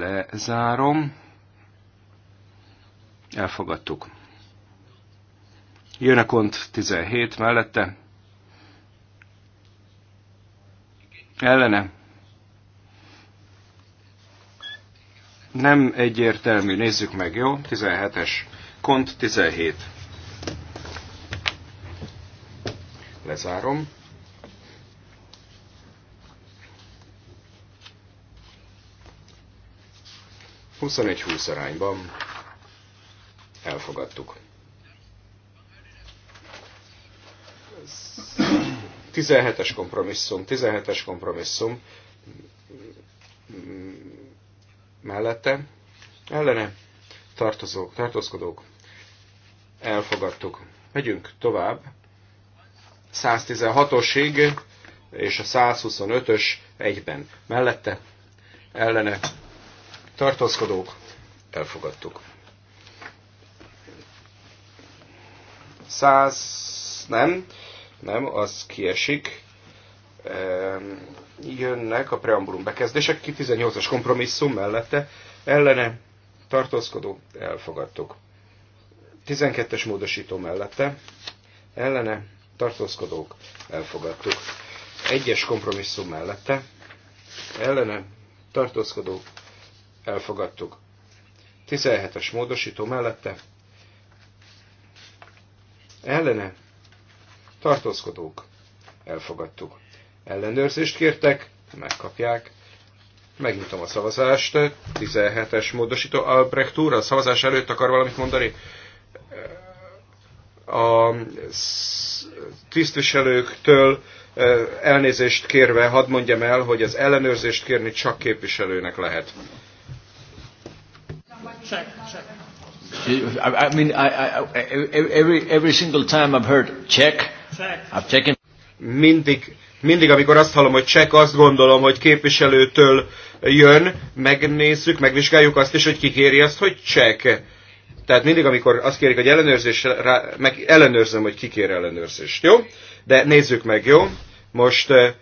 Lezárom. Elfogadtuk. Jön a kont 17 mellette. Ellene. Nem egyértelmű, nézzük meg, jó? 17-es. Kont 17. Lezárom. 21-20 arányban elfogadtuk. 17-es kompromisszum, 17-es kompromisszum mellette ellene tartozók, tartózkodók elfogadtuk. Megyünk tovább. 116-osig és a 125-ös egyben mellette ellene tartózkodók, elfogadtuk. 100, nem, nem, az kiesik. Jönnek a preambulum bekezdések, ki 18-as kompromisszum mellette, ellene tartózkodó, elfogadtuk. 12-es módosító mellette, ellene tartózkodók, elfogadtuk. Egyes kompromisszum mellette, ellene tartózkodók, elfogadtuk. 17-es módosító mellette ellene tartózkodók elfogadtuk. Ellenőrzést kértek, megkapják. Megnyitom a szavazást. 17-es módosító. Albrecht úr, a szavazás előtt akar valamit mondani? A tisztviselőktől elnézést kérve hadd mondjam el, hogy az ellenőrzést kérni csak képviselőnek lehet. Check, check. I, I mean, I, I, every, every single time I've heard check, check. I've taken... Mindig, mindig, amikor azt hallom, hogy check, azt gondolom, hogy képviselőtől jön, megnézzük, megvizsgáljuk azt is, hogy kikéri azt, hogy check. Tehát mindig, amikor azt kérik, hogy ellenőrzés, rá, meg ellenőrzöm, hogy kikér ellenőrzést, jó? De nézzük meg, jó? Most eh,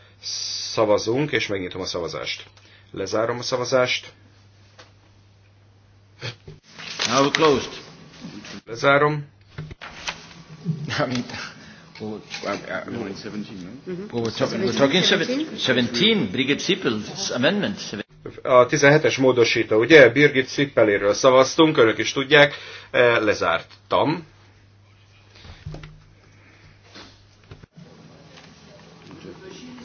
szavazunk, és megnyitom a szavazást. Lezárom a szavazást. Now closed. Lezárom. Amit... A 17-es módosító, ugye? Birgit Szippeléről szavaztunk, önök is tudják, e, lezártam.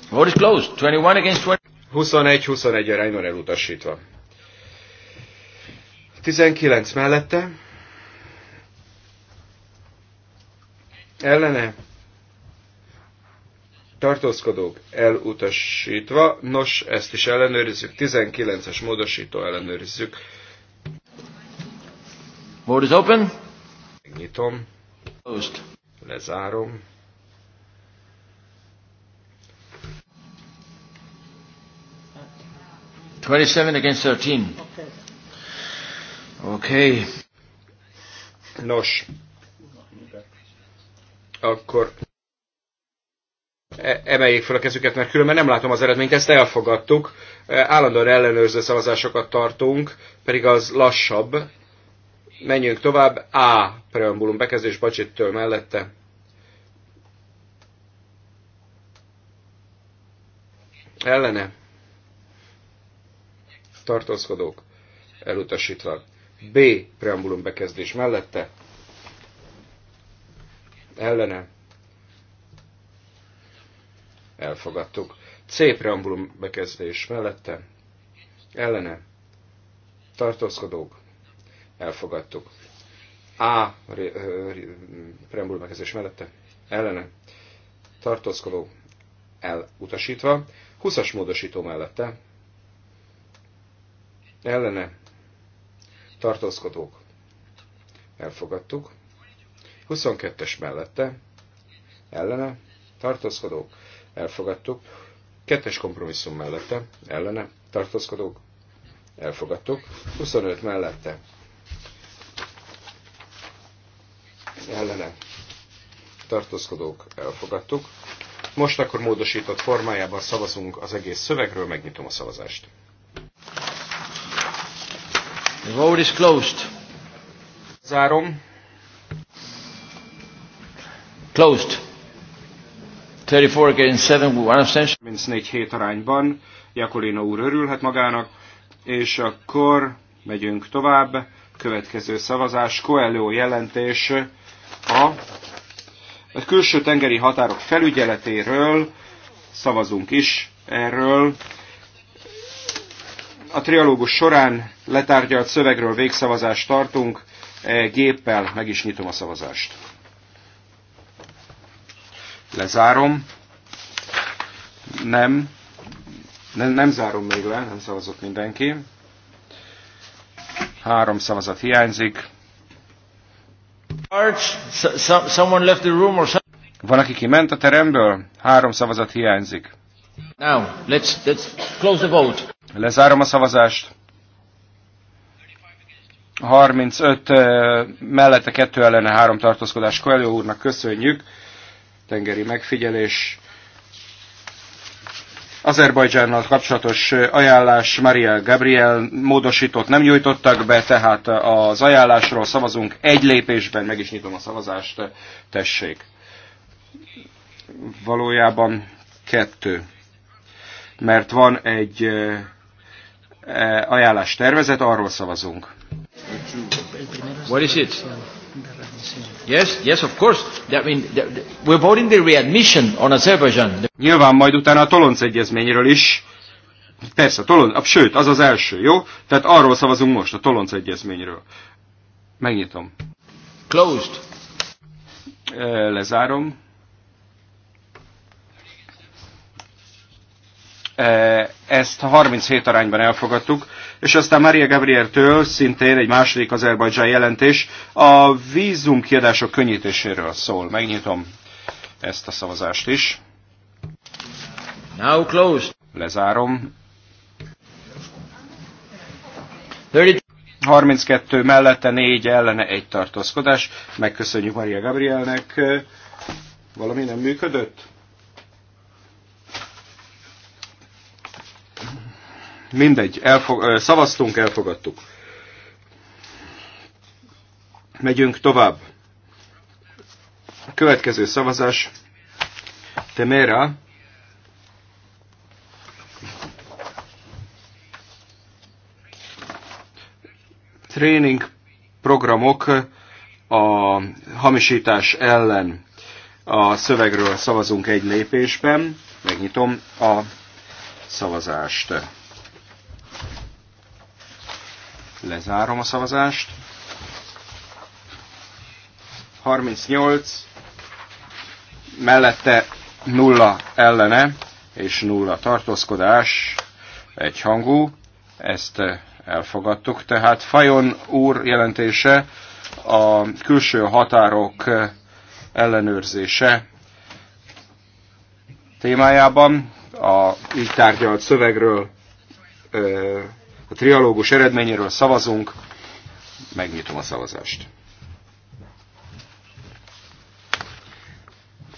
Vote is closed. 21 against 21. 21-21 arányban elutasítva. 19 mellette, ellene tartózkodók elutasítva, nos, ezt is ellenőrizzük, 19-es módosító ellenőrizzük. Board is open. Nyitom. Closed. Lezárom. Twenty-seven against thirteen. Okay. Okay. Nos, akkor e, emeljék fel a kezüket, mert különben nem látom az eredményt, ezt elfogadtuk. E, állandóan ellenőrző szavazásokat tartunk, pedig az lassabb. Menjünk tovább. A preambulum bekezdés Bacsittől mellette. Ellene. Tartózkodók. Elutasítva. B preambulum bekezdés mellette, ellene, elfogadtuk. C preambulum bekezdés mellette, ellene, tartózkodók, elfogadtuk. A preambulum bekezdés mellette, ellene, tartózkodó, elutasítva, 20-as módosító mellette, ellene, tartózkodók, elfogadtuk. 22-es mellette, ellene, tartózkodók, elfogadtuk. Kettes kompromisszum mellette, ellene, tartózkodók, elfogadtuk. 25 mellette, ellene, tartózkodók, elfogadtuk. Most akkor módosított formájában szavazunk az egész szövegről, megnyitom a szavazást. The road is closed. Zárom. Closed. 34 7 with 34 hét arányban. Jakolina úr örülhet magának. És akkor megyünk tovább. Következő szavazás. Coelho jelentés a, a külső tengeri határok felügyeletéről. Szavazunk is erről. A trialógus során letárgyalt szövegről végszavazást tartunk, e géppel meg is nyitom a szavazást. Lezárom. Nem. Nem, nem zárom még le, nem szavazott mindenki. Három szavazat hiányzik. Van, aki kiment a teremből? Három szavazat hiányzik. Now, let's, let's close the vote. Lezárom a szavazást. 35 mellette, 2 ellene, 3 tartózkodás. Coelho úrnak köszönjük. Tengeri megfigyelés. Azerbajdzsánnal kapcsolatos ajánlás Maria Gabriel módosított nem nyújtottak be, tehát az ajánlásról szavazunk egy lépésben, meg is nyitom a szavazást, tessék. Valójában kettő. Mert van egy Eh, ajánlás tervezet, arról szavazunk. What is it? Yes, yes, of course. I mean, we're voting the readmission on Azerbaijan. Nyilván majd utána a Tolonc egyezményről is. Persze, a Tolonc, sőt, az az első, jó? Tehát arról szavazunk most, a Tolonc egyezményről. Megnyitom. Closed. Eh, lezárom. Eh, ezt 37 arányban elfogadtuk, és aztán Maria Gabriel-től szintén egy második Azerbajdzsán jelentés a vízum kiadások könnyítéséről szól. Megnyitom ezt a szavazást is. Now closed. Lezárom. 32 mellette 4 ellene egy tartózkodás. Megköszönjük Maria Gabrielnek. Valami nem működött? Mindegy, elfog, szavaztunk, elfogadtuk. Megyünk tovább. A következő szavazás. Temera. Training programok a hamisítás ellen a szövegről szavazunk egy lépésben. Megnyitom a szavazást. Lezárom a szavazást. 38 mellette nulla ellene és nulla tartózkodás hangú. Ezt elfogadtuk. Tehát Fajon úr jelentése a külső határok ellenőrzése témájában a így tárgyalt szövegről a trialógus eredményéről szavazunk. Megnyitom a szavazást.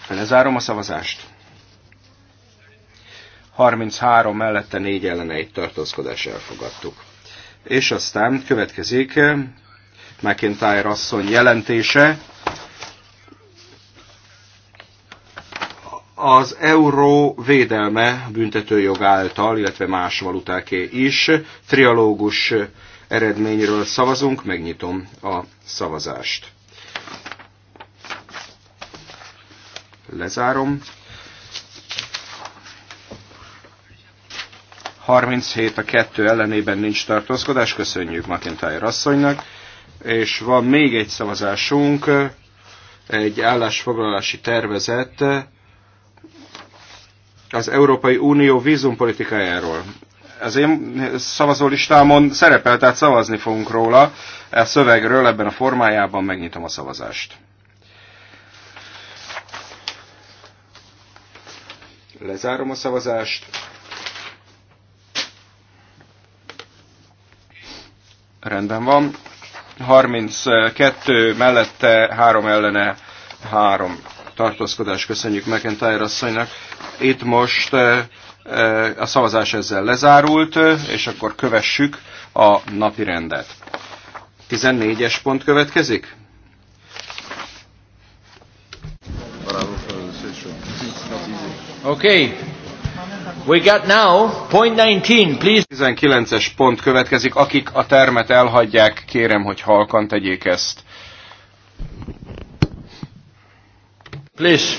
Lezárom a szavazást. 33 mellette 4 ellene egy tartózkodás elfogadtuk. És aztán következik eh, McIntyre asszony jelentése, az euró védelme büntetőjog által, illetve más valutáké is. Trialógus eredményről szavazunk, megnyitom a szavazást. Lezárom. 37 a 2 ellenében nincs tartózkodás, köszönjük McIntyre asszonynak. És van még egy szavazásunk, egy állásfoglalási tervezet, az Európai Unió vízumpolitikájáról. Az én szavazólistámon szerepel, tehát szavazni fogunk róla. A e szövegről ebben a formájában megnyitom a szavazást. Lezárom a szavazást. Rendben van. 32 mellette, 3 ellene, 3 tartózkodás. Köszönjük McIntyre asszonynak. Itt most eh, eh, a szavazás ezzel lezárult, eh, és akkor kövessük a napi rendet. 14-es pont következik? Okay. We got now point 19, please. 19-es pont következik. Akik a termet elhagyják, kérem, hogy halkan tegyék ezt. Please.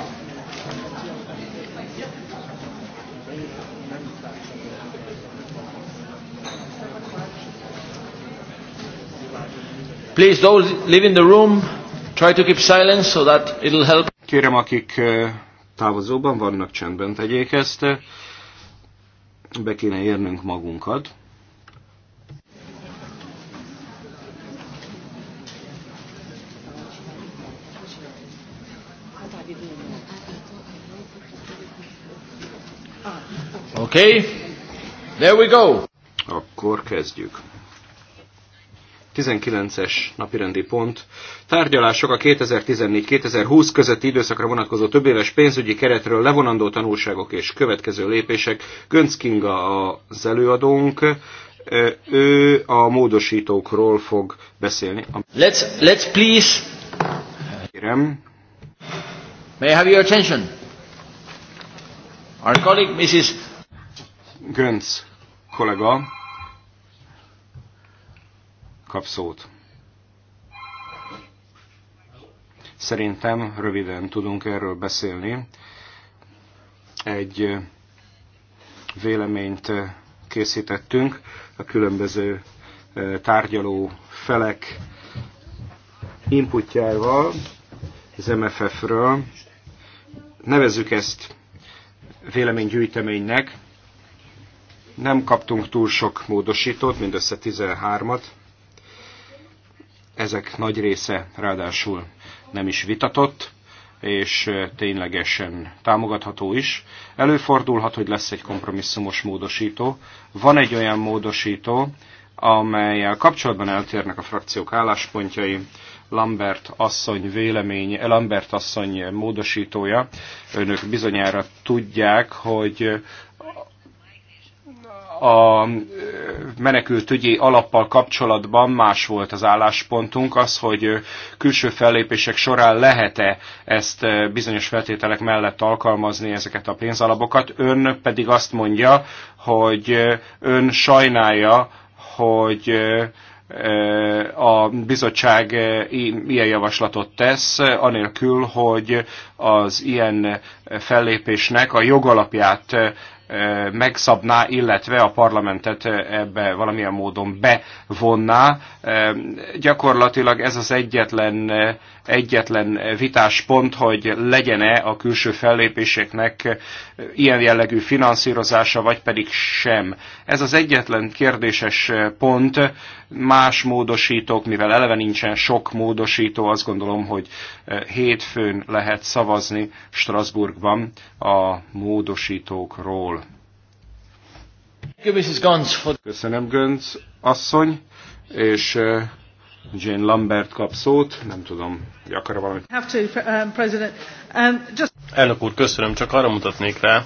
Please, those leaving the room, try to keep silence so that it'll help. Kérem, akik távozóban vannak, csendben tegyék ezt. Be kéne érnünk magunkat. Okay, there we go. Akkor kezdjük. 19-es napirendi pont. Tárgyalások a 2014-2020 közötti időszakra vonatkozó többéves pénzügyi keretről levonandó tanulságok és következő lépések. Gönc Kinga az előadónk, ő a módosítókról fog beszélni. Let's, let's please... Kérem. May I have your attention? Our colleague, Mrs. Gönc kollega kap szót. Szerintem röviden tudunk erről beszélni. Egy véleményt készítettünk a különböző tárgyaló felek inputjával az MFF-ről. Nevezzük ezt véleménygyűjteménynek. Nem kaptunk túl sok módosítót, mindössze 13-at ezek nagy része ráadásul nem is vitatott, és ténylegesen támogatható is. Előfordulhat, hogy lesz egy kompromisszumos módosító. Van egy olyan módosító, amelyel kapcsolatban eltérnek a frakciók álláspontjai, Lambert asszony véleménye, Lambert asszony módosítója. Önök bizonyára tudják, hogy a menekültügyi alappal kapcsolatban más volt az álláspontunk, az, hogy külső fellépések során lehet-e ezt bizonyos feltételek mellett alkalmazni ezeket a pénzalapokat. Ön pedig azt mondja, hogy ön sajnálja, hogy eh, a bizottság eh, ilyen javaslatot tesz, anélkül, hogy az ilyen fellépésnek a jogalapját eh, megszabná, illetve a parlamentet ebbe valamilyen módon bevonná. Gyakorlatilag ez az egyetlen egyetlen vitáspont, hogy legyen-e a külső fellépéseknek eh, ilyen jellegű finanszírozása, vagy pedig sem. Ez az egyetlen kérdéses eh, pont, más módosítók, mivel eleve nincsen sok módosító, azt gondolom, hogy eh, hétfőn lehet szavazni Strasbourgban a módosítókról. Köszönöm, Gönc asszony, és Jane Lambert kap szót, nem tudom, hogy akar valamit. Um, um, Elnök úr, köszönöm, csak arra mutatnék rá,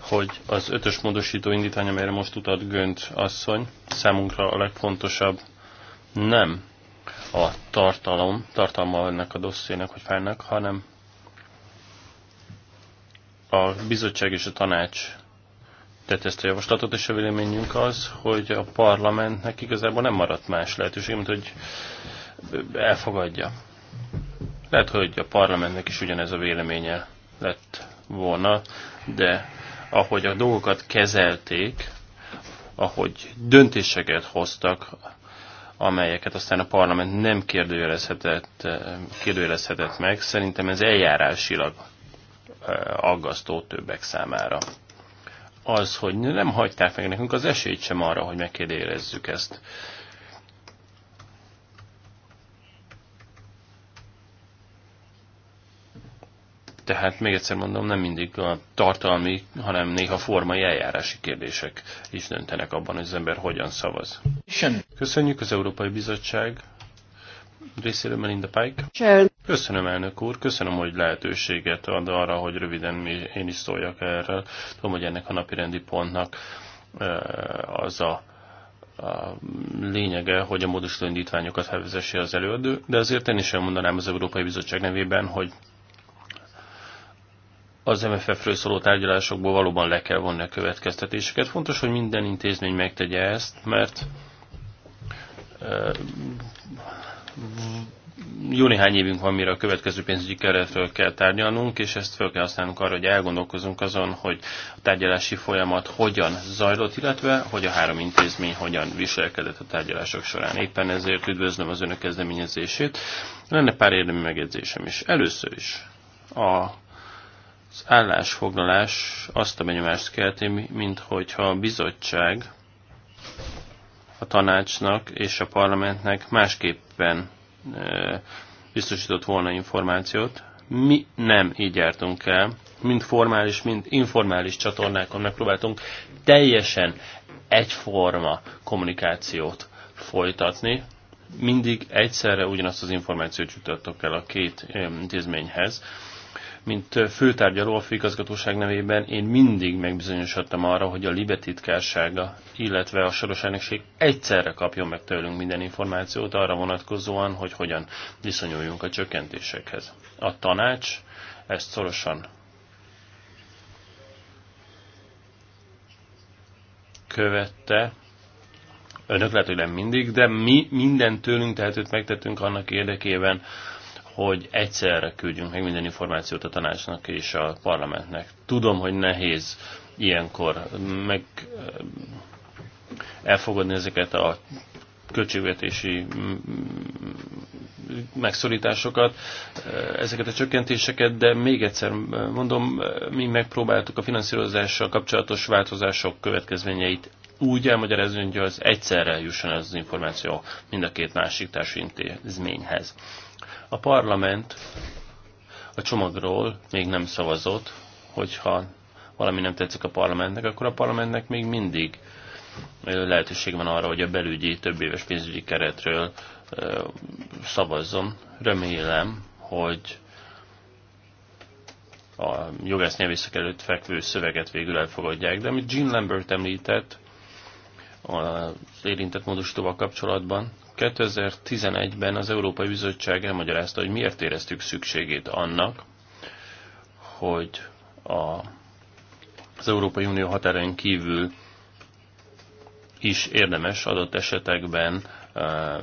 hogy az ötös módosító indítvány, amelyre most utat Gönt asszony, számunkra a legfontosabb nem a tartalom, tartalma ennek a dossziének, hogy fennek, hanem a bizottság és a tanács tette ezt a javaslatot, és a véleményünk az, hogy a parlamentnek igazából nem maradt más lehetőség, mint hogy elfogadja. Lehet, hogy a parlamentnek is ugyanez a véleménye lett volna, de ahogy a dolgokat kezelték, ahogy döntéseket hoztak, amelyeket aztán a parlament nem kérdőjelezhetett, kérdőjelezhetett meg, szerintem ez eljárásilag eh, aggasztó többek számára az, hogy nem hagyták meg nekünk az esélyt sem arra, hogy megkérdérezzük ezt. Tehát még egyszer mondom, nem mindig a tartalmi, hanem néha formai eljárási kérdések is döntenek abban, hogy az ember hogyan szavaz. Köszönjük az Európai Bizottság részéről Melinda Pike. Köszönöm, elnök úr, köszönöm, hogy lehetőséget ad arra, hogy röviden én is szóljak erről. Tudom, hogy ennek a napi rendi pontnak e, az a, a lényege, hogy a módosító indítványokat felvezesse az előadó, de azért én is elmondanám az Európai Bizottság nevében, hogy az MFF-ről szóló tárgyalásokból valóban le kell vonni a következtetéseket. Fontos, hogy minden intézmény megtegye ezt, mert e, jó néhány évünk van, mire a következő pénzügyi keretről kell tárgyalnunk, és ezt fel kell használnunk arra, hogy elgondolkozunk azon, hogy a tárgyalási folyamat hogyan zajlott, illetve hogy a három intézmény hogyan viselkedett a tárgyalások során. Éppen ezért üdvözlöm az önök kezdeményezését. Lenne pár érdemi megjegyzésem is. Először is a az állásfoglalás azt a benyomást kelti, minthogyha a bizottság a tanácsnak és a parlamentnek másképpen biztosított volna információt. Mi nem így jártunk el, mind formális, mind informális csatornákon megpróbáltunk teljesen egyforma kommunikációt folytatni, mindig egyszerre ugyanazt az információt jutottok el a két intézményhez mint főtárgyaló a főigazgatóság nevében én mindig megbizonyosodtam arra, hogy a Libe titkársága, illetve a soros elnökség egyszerre kapjon meg tőlünk minden információt arra vonatkozóan, hogy hogyan viszonyuljunk a csökkentésekhez. A tanács ezt szorosan követte, önök lehet, hogy nem mindig, de mi minden tőlünk tehetőt megtettünk annak érdekében, hogy egyszerre küldjünk meg minden információt a tanácsnak és a parlamentnek. Tudom, hogy nehéz ilyenkor meg eh, elfogadni ezeket a költségvetési mm, megszorításokat, eh, ezeket a csökkentéseket, de még egyszer eh, mondom, mi megpróbáltuk a finanszírozással kapcsolatos változások következményeit úgy elmagyarázni, hogy az egyszerre jusson az információ mind a két másik társintézményhez. A parlament a csomagról még nem szavazott, hogyha valami nem tetszik a parlamentnek, akkor a parlamentnek még mindig lehetőség van arra, hogy a belügyi több éves pénzügyi keretről szavazzon. Remélem, hogy a jogász nyelvészek előtt fekvő szöveget végül elfogadják. De amit Jean Lambert említett az érintett módosítóval kapcsolatban, 2011-ben az Európai Bizottság elmagyarázta, hogy miért éreztük szükségét annak, hogy a, az Európai Unió határain kívül is érdemes adott esetekben eh,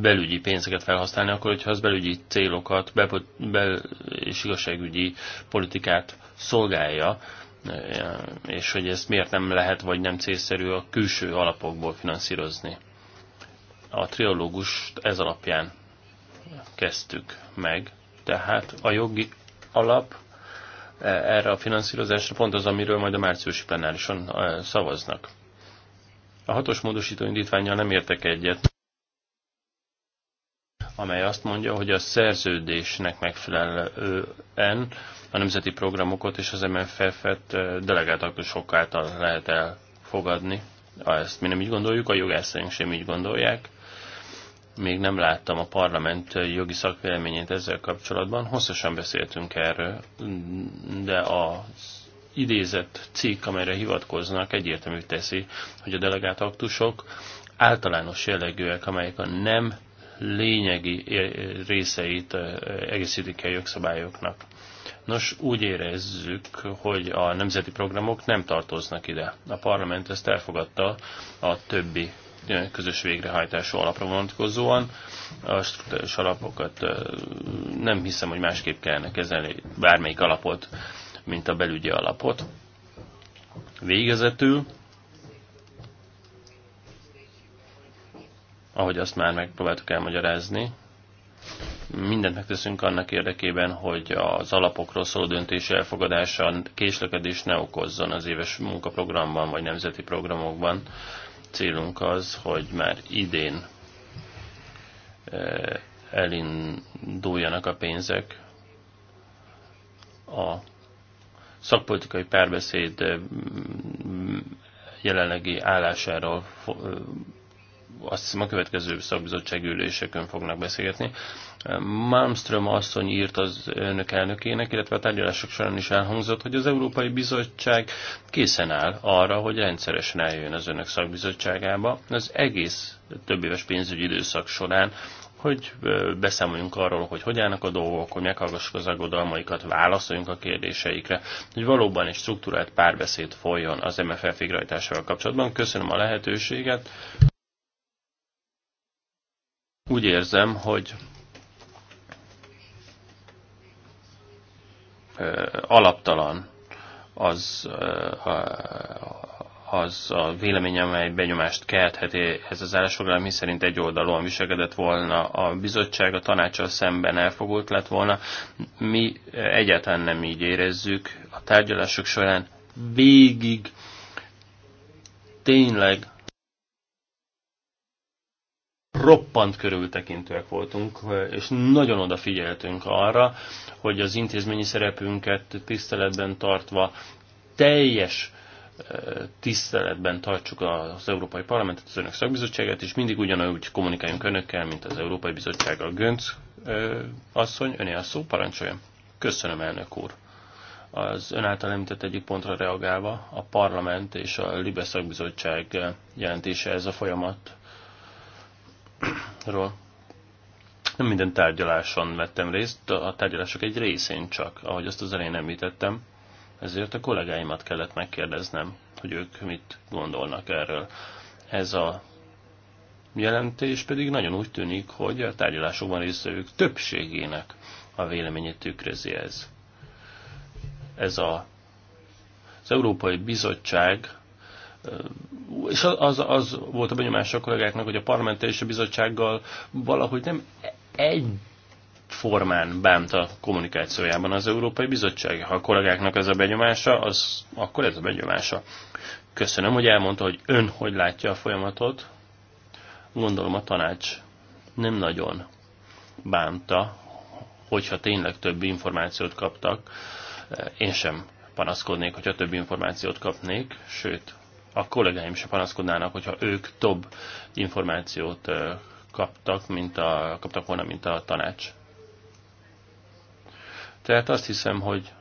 belügyi pénzeket felhasználni, akkor hogyha az belügyi célokat be, be és igazságügyi politikát szolgálja, eh, és hogy ezt miért nem lehet, vagy nem célszerű a külső alapokból finanszírozni. A triológust ez alapján kezdtük meg, tehát a jogi alap e, erre a finanszírozásra pont az, amiről majd a márciusi plenárison e, szavaznak. A hatos módosító indítványjal nem értek egyet, amely azt mondja, hogy a szerződésnek megfelelően a nemzeti programokat és az MFF-et e, delegáltak sok által lehet elfogadni. Ezt mi nem így gondoljuk, a jogászaink sem így gondolják még nem láttam a parlament jogi szakvéleményét ezzel kapcsolatban. Hosszasan beszéltünk erről, de az idézett cikk, amelyre hivatkoznak, egyértelmű teszi, hogy a delegált aktusok általános jellegűek, amelyek a nem lényegi részeit egészítik el jogszabályoknak. Nos, úgy érezzük, hogy a nemzeti programok nem tartoznak ide. A parlament ezt elfogadta a többi közös végrehajtású alapra vonatkozóan. A struktúrás alapokat nem hiszem, hogy másképp kellene kezelni bármelyik alapot, mint a belügyi alapot. Végezetül, ahogy azt már megpróbáltuk elmagyarázni, mindent megteszünk annak érdekében, hogy az alapokról szóló döntés elfogadása késlekedés ne okozzon az éves munkaprogramban vagy nemzeti programokban célunk az, hogy már idén eh, elinduljanak a pénzek a szakpolitikai párbeszéd eh, jelenlegi állásáról eh, azt hiszem a következő szakbizottság üléseken fognak beszélgetni. Malmström asszony írt az önök elnökének, illetve a tárgyalások során is elhangzott, hogy az Európai Bizottság készen áll arra, hogy rendszeresen eljön az önök szakbizottságába az egész éves pénzügyi időszak során, hogy beszámoljunk arról, hogy hogy állnak a dolgok, hogy meghallgassuk az aggodalmaikat, válaszoljunk a kérdéseikre, hogy valóban egy struktúrált párbeszéd folyjon az MFF végrehajtásával kapcsolatban. Köszönöm a lehetőséget. Úgy érzem, hogy alaptalan az, az a vélemény, amely benyomást kelthet ez az mi szerint egy oldalon viselkedett volna a bizottság, a tanácsal szemben elfogult lett volna. Mi egyáltalán nem így érezzük. A tárgyalások során végig tényleg roppant körültekintőek voltunk, és nagyon odafigyeltünk arra, hogy az intézményi szerepünket tiszteletben tartva teljes eh, tiszteletben tartsuk az Európai Parlamentet, az Önök szakbizottságát, és mindig ugyanúgy kommunikáljunk Önökkel, mint az Európai Bizottsággal. Gönc eh, asszony, Öné a szó, parancsoljon. Köszönöm, elnök úr. Az ön által említett egyik pontra reagálva, a parlament és a Libe szakbizottság eh, jelentése ez a folyamat ról. Nem minden tárgyaláson vettem részt, a tárgyalások egy részén csak, ahogy azt az elején említettem, ezért a kollégáimat kellett megkérdeznem, hogy ők mit gondolnak erről. Ez a jelentés pedig nagyon úgy tűnik, hogy a tárgyalásokban résztvevők többségének a véleményét tükrözi ez. Ez a, az Európai Bizottság és az, az volt a benyomás a kollégáknak, hogy a parlamenttel és a bizottsággal valahogy nem egy formán bánt a kommunikációjában az Európai Bizottság. Ha a kollégáknak ez a benyomása, az, akkor ez a benyomása. Köszönöm, hogy elmondta, hogy ön hogy látja a folyamatot. Gondolom a tanács nem nagyon bánta, hogyha tényleg több információt kaptak. Én sem panaszkodnék, hogyha több információt kapnék, sőt, a kollégáim se panaszkodnának, hogyha ők több információt kaptak, mint a, kaptak volna, mint a tanács. Tehát azt hiszem, hogy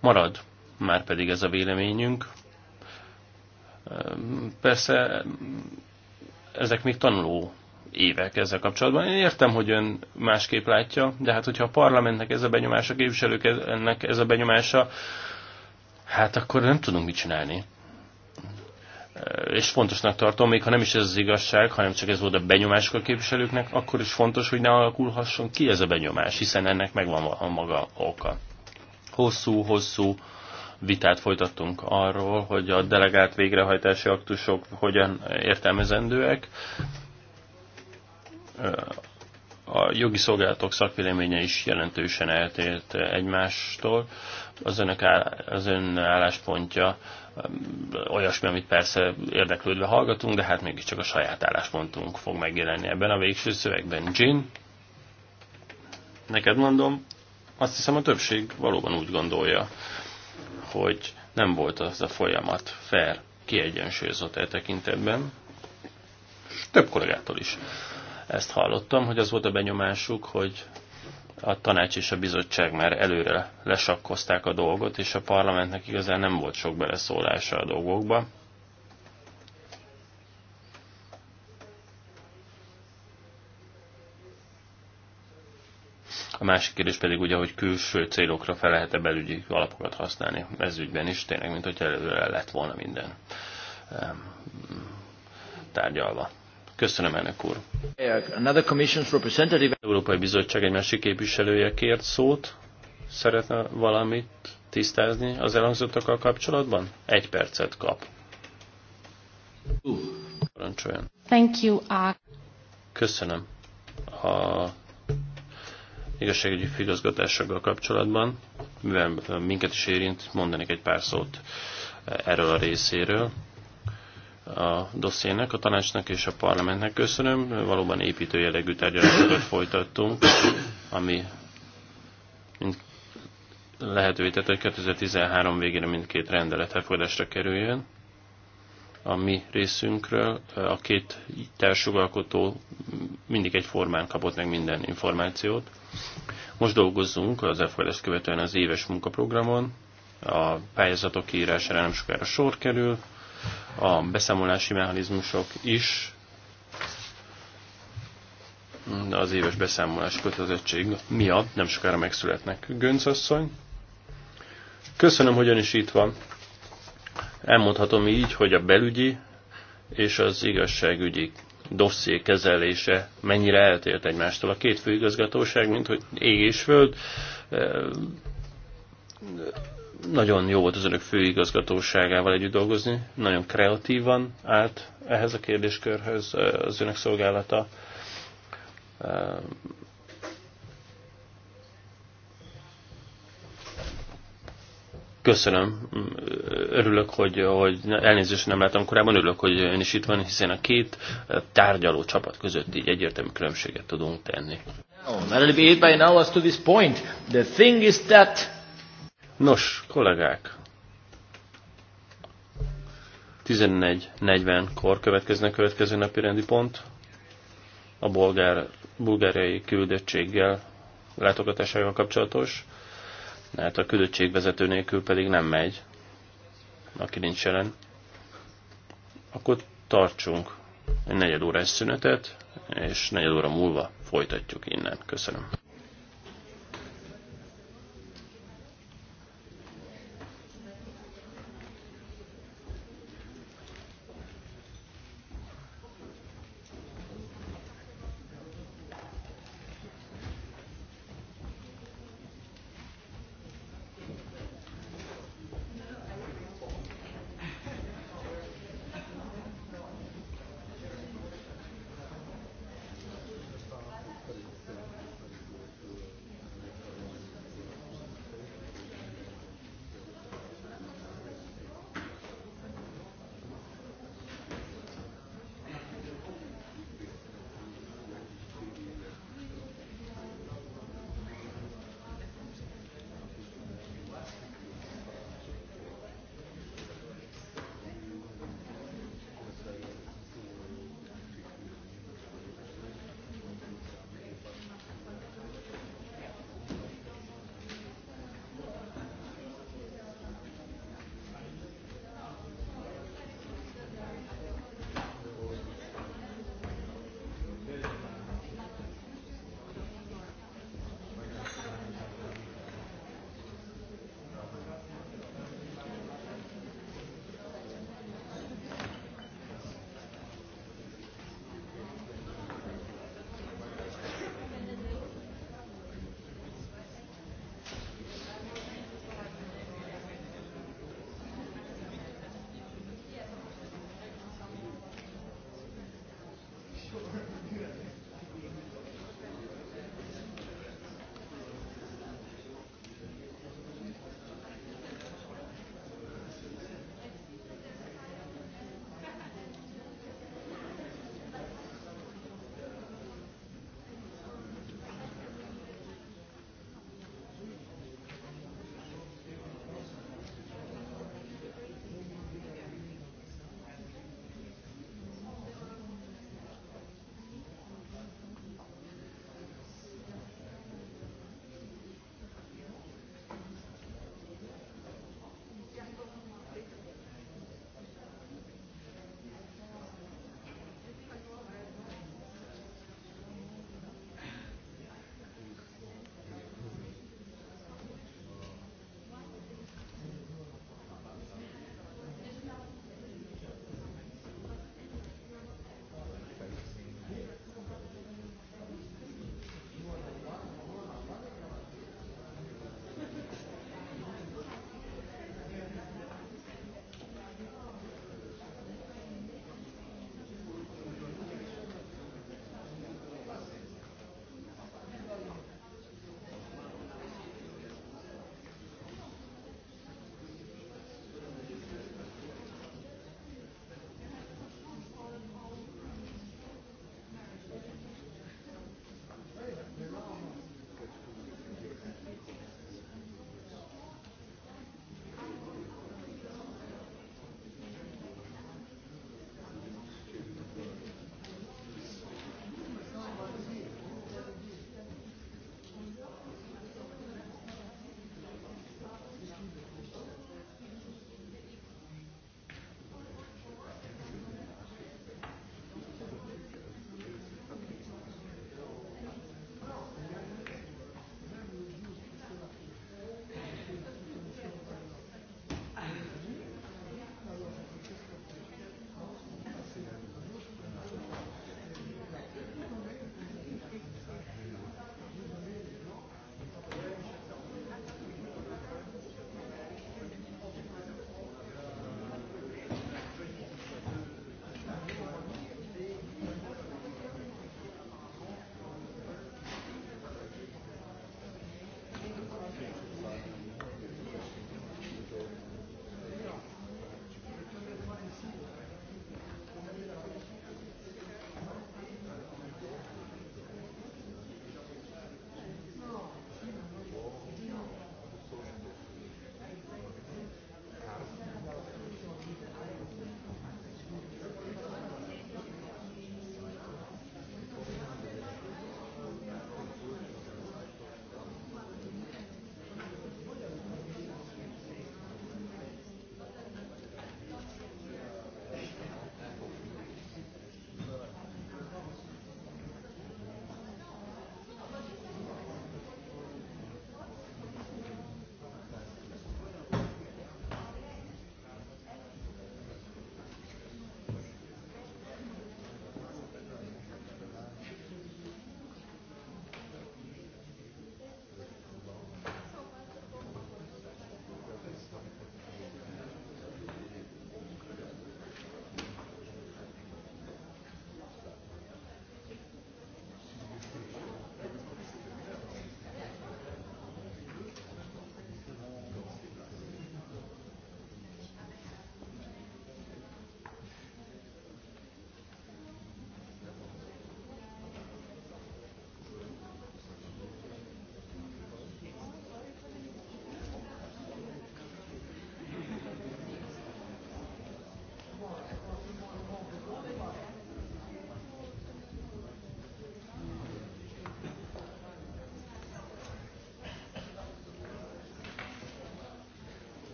marad már pedig ez a véleményünk. Persze ezek még tanuló évek ezzel kapcsolatban. Én értem, hogy ön másképp látja, de hát hogyha a parlamentnek ez a benyomása, a képviselőknek ez a benyomása, hát akkor nem tudunk mit csinálni. És fontosnak tartom, még ha nem is ez az igazság, hanem csak ez volt a benyomások a képviselőknek, akkor is fontos, hogy ne alakulhasson ki ez a benyomás, hiszen ennek megvan a maga oka. Hosszú-hosszú vitát folytattunk arról, hogy a delegált végrehajtási aktusok hogyan értelmezendőek. A jogi szolgálatok szakvéleménye is jelentősen eltért egymástól az, önök áll, az ön álláspontja um, olyasmi, amit persze érdeklődve hallgatunk, de hát mégiscsak a saját álláspontunk fog megjelenni ebben a végső szövegben. Jean, neked mondom, azt hiszem a többség valóban úgy gondolja, hogy nem volt az a folyamat fair, kiegyensúlyozott e tekintetben, és több kollégától is ezt hallottam, hogy az volt a benyomásuk, hogy a tanács és a bizottság már előre lesakkozták a dolgot, és a parlamentnek igazán nem volt sok beleszólása a dolgokba. A másik kérdés pedig ugye, hogy külső célokra fel lehet-e belügyi alapokat használni ez ügyben is, tényleg, mint hogy előre lett volna minden tárgyalva. Köszönöm, elnök úr. Another Európai Bizottság egy másik képviselője kért szót. Szeretne valamit tisztázni az elhangzottakkal kapcsolatban? Egy percet kap. Parancsoljon. Thank you, Köszönöm. A igazságügyi figazgatásokkal kapcsolatban, mivel minket is érint, mondanék egy pár szót erről a részéről a dossziének, a tanácsnak és a parlamentnek köszönöm. Valóban építő jellegű tárgyalásokat folytattunk, ami lehetővé tette, hogy 2013 végére mindkét rendelet elfogadásra kerüljön. A mi részünkről a két társjogalkotó mindig egy formán kapott meg minden információt. Most dolgozzunk az elfogadást követően az éves munkaprogramon, a pályázatok írására nem sokára sor kerül, a beszámolási mechanizmusok is, de az éves beszámolás kötelezettség miatt nem sokára megszületnek. Gönc asszony, köszönöm, hogy ön is itt van. Elmondhatom így, hogy a belügyi és az igazságügyi dosszié kezelése mennyire eltért egymástól. A két főigazgatóság, mint hogy ég és föld, nagyon jó volt az önök főigazgatóságával együtt dolgozni, nagyon kreatívan állt ehhez a kérdéskörhöz az önök szolgálata. Köszönöm, mm, örülök, hogy, hogy elnézést nem láttam korábban, örülök, hogy ön is itt van, hiszen a két tárgyaló csapat között így egyértelmű különbséget tudunk tenni. That'll be it by now as to this point. The thing is that Nos, kollégák, 14:40 kor következne a következő napi rendi pont. A bolgár, bulgáriai küldöttséggel látogatásával kapcsolatos, hát a vezető nélkül pedig nem megy, aki nincs jelen. Akkor tartsunk egy negyed órás szünetet, és negyed óra múlva folytatjuk innen. Köszönöm.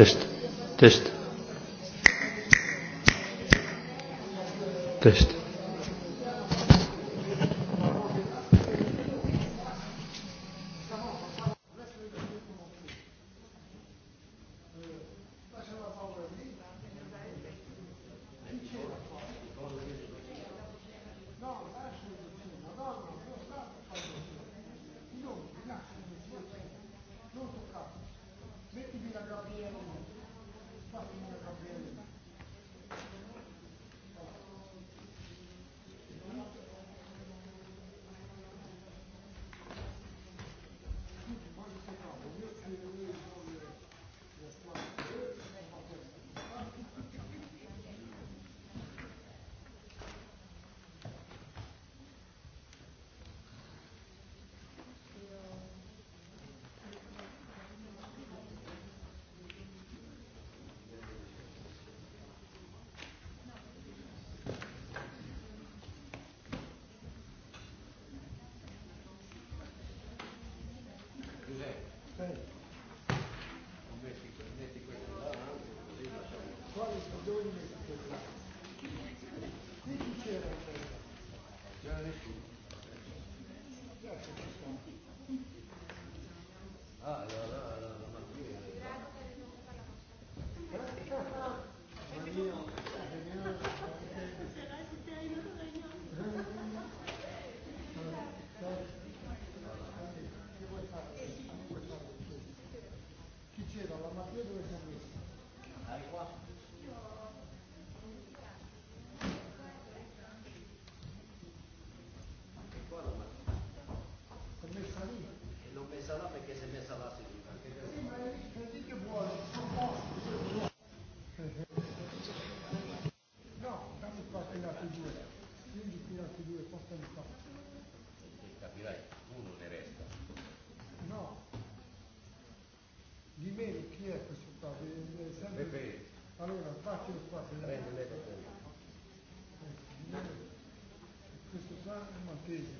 Test. Test. Test. Thank you.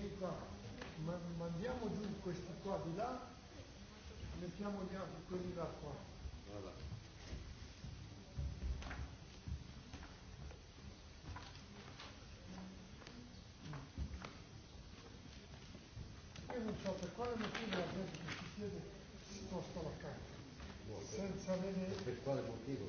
verità, ma, mandiamo giù questi qua di là, mettiamo gli altri quelli da qua. Voilà. Io non so per quale motivo la gente che si chiede si sposta la carta, senza avere... Per quale motivo?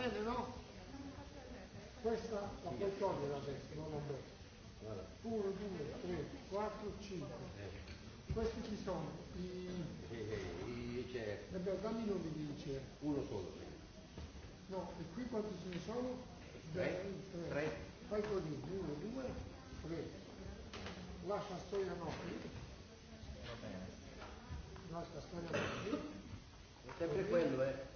bene, no? Questa la puoi togliere adesso, non la metto. 1, 2, 3, 4, 5. Questi chi sono? I... Eh, eh, I c'è... Vabbè, dammi i nomi di ICE. Uno solo. No, e qui quanti ce ne sono? 3. 3. Fai così, 1, 2, 3. Lascia storia nostra. Va bene. Lascia storia nostra. È sempre quello, eh.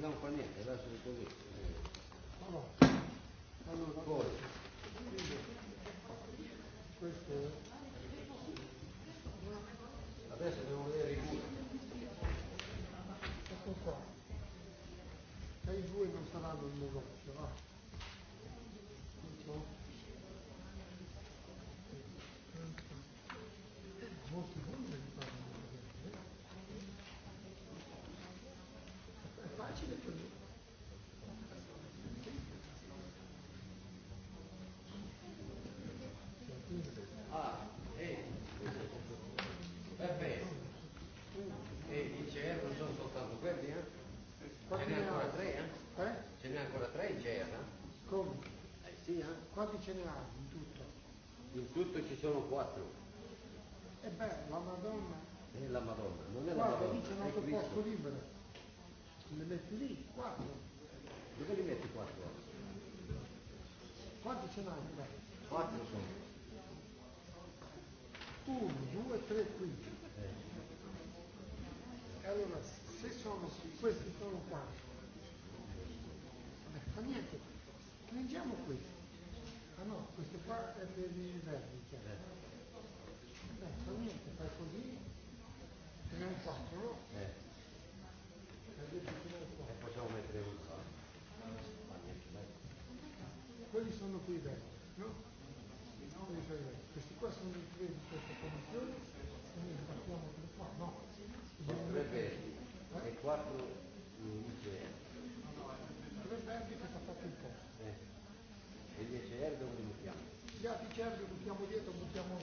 Non fa niente, lascialo così. Allora, poi. Questo Adesso devo vedere i due. Ecco qua. E i due non saranno il negozio, no? generale, in tutto. In tutto ci sono quattro. E beh, la Madonna. È e la Madonna, non è e la Guarda, Madonna. Guarda, e lì c'è un altro posto libero. Le metti lì, quattro. Dove li metti quattro? Quanti ce n'hai? Quattro sono. Uno, due, tre, quinto. Eh. E allora, se sono, questi sono quattro. Vabbè, fa niente. Prendiamo questo. Ah no, questo qua è per il vertice. Eh. Eh, fa niente, fai così, ce n'è un 4, no? Eh. E possiamo mettere un Quelli sono qui vertici, no? Quelli sono i vertici. Questi qua sono i tre di questa commissione, noi partiamo da qua, no? Sono tre vertici eh? e quattro inizio. Tre vertici che fa fatto il posto. E 10 euro dove li buttiamo? Gli altri cervi buttiamo dietro, buttiamo,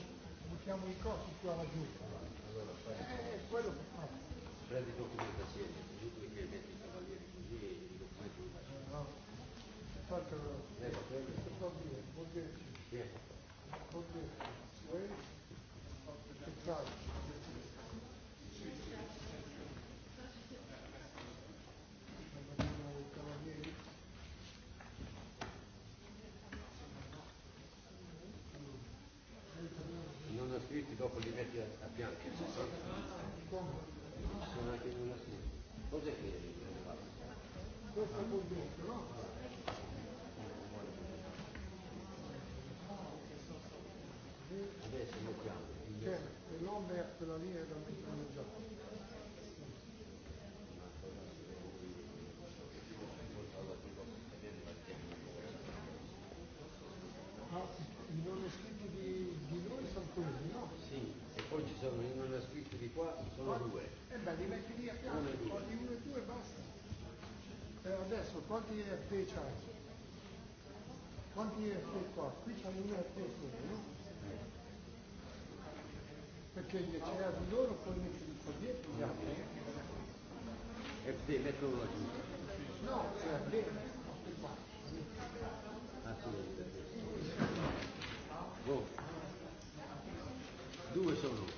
buttiamo i costi qua laggiù. Allora, fai. Eh, eh, quello che fa. Prendi documentazione, giusto che metti i cavalieri così e i documenti li faccio. No, infatti lo... Eh, ma quello... Questo fa dire, vuol dire... Sì. Vuol dire... Peccato. Adesso lo chiamo. Certo, da mettere in gioco. sono, io non ho scritti di qua, sono Quanti? due. Eh beh, li metti lì a fianco, togli uno e due e basta. Eh, adesso quanti EFT c'hai? Quanti EFT qua? Qui c'hai un EFT solo, no? Perché gli c'era di loro, poi metti di qua dietro gli altri. EFT, metto uno giù. No, cioè, bene. Ah, Due sono.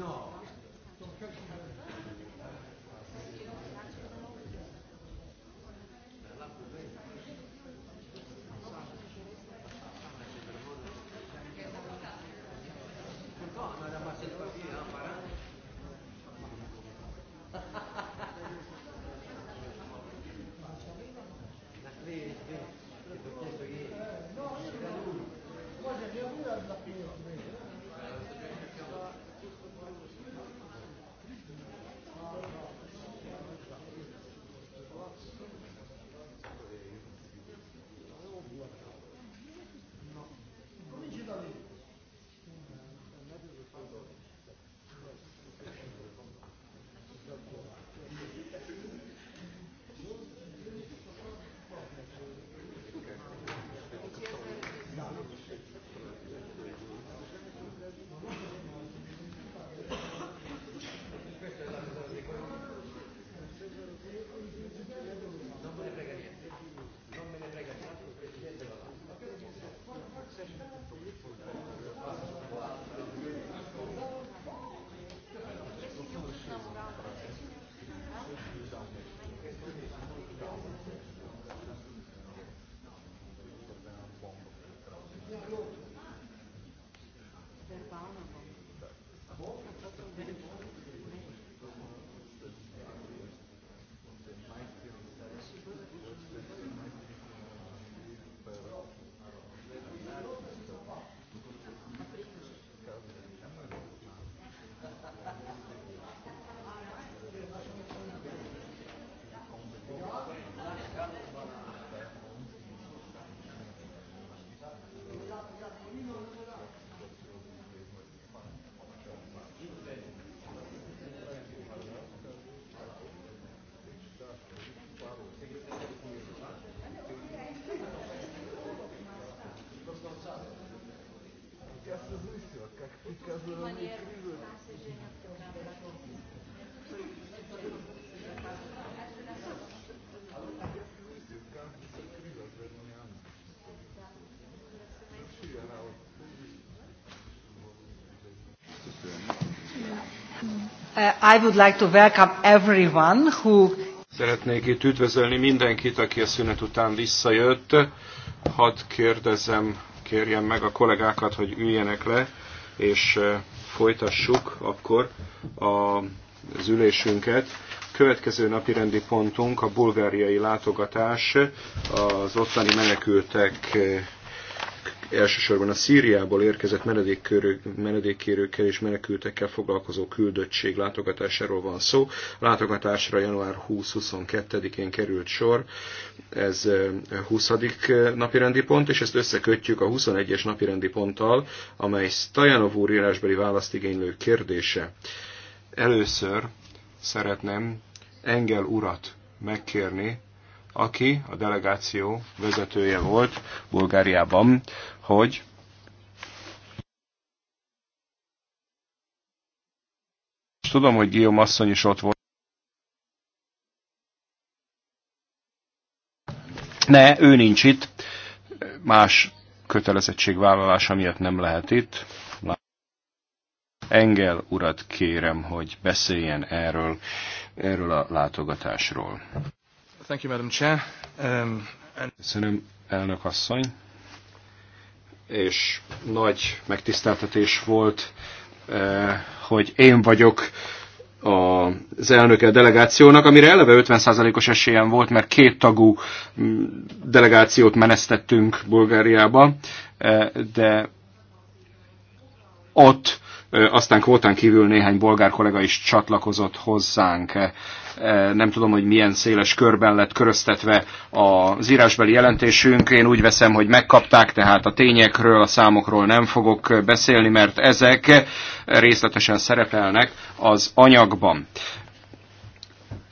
No. Uh, I would like to welcome everyone who Szeretnék itt üdvözölni mindenkit, aki a szünet után visszajött. Hadd kérdezem kérjem meg a kollégákat, hogy üljenek le, és folytassuk akkor az ülésünket. Következő napi rendi pontunk a bulgáriai látogatás, az ottani menekültek elsősorban a Szíriából érkezett menedékkérőkkel és menekültekkel foglalkozó küldöttség látogatásáról van szó. A látogatásra január 20-22-én került sor, ez 20. napirendi pont, és ezt összekötjük a 21-es napirendi ponttal, amely Stajanov úr írásbeli választigénylő kérdése. Először szeretném Engel urat megkérni, aki a delegáció vezetője volt Bulgáriában, hogy Most tudom, hogy Guillaume asszony is ott volt. Ne, ő nincs itt. Más kötelezettségvállalása miatt nem lehet itt. Engel urat kérem, hogy beszéljen erről, erről a látogatásról. Thank you, Madam Chair. Um, and... Köszönöm, elnök asszony és nagy megtiszteltetés volt, eh, hogy én vagyok az elnöke a delegációnak, amire eleve 50%-os esélyem volt, mert két tagú mm, delegációt menesztettünk Bulgáriába, eh, de ott aztán kvótán kívül néhány bolgár kollega is csatlakozott hozzánk. Nem tudom, hogy milyen széles körben lett köröztetve az írásbeli jelentésünk. Én úgy veszem, hogy megkapták, tehát a tényekről, a számokról nem fogok beszélni, mert ezek részletesen szerepelnek az anyagban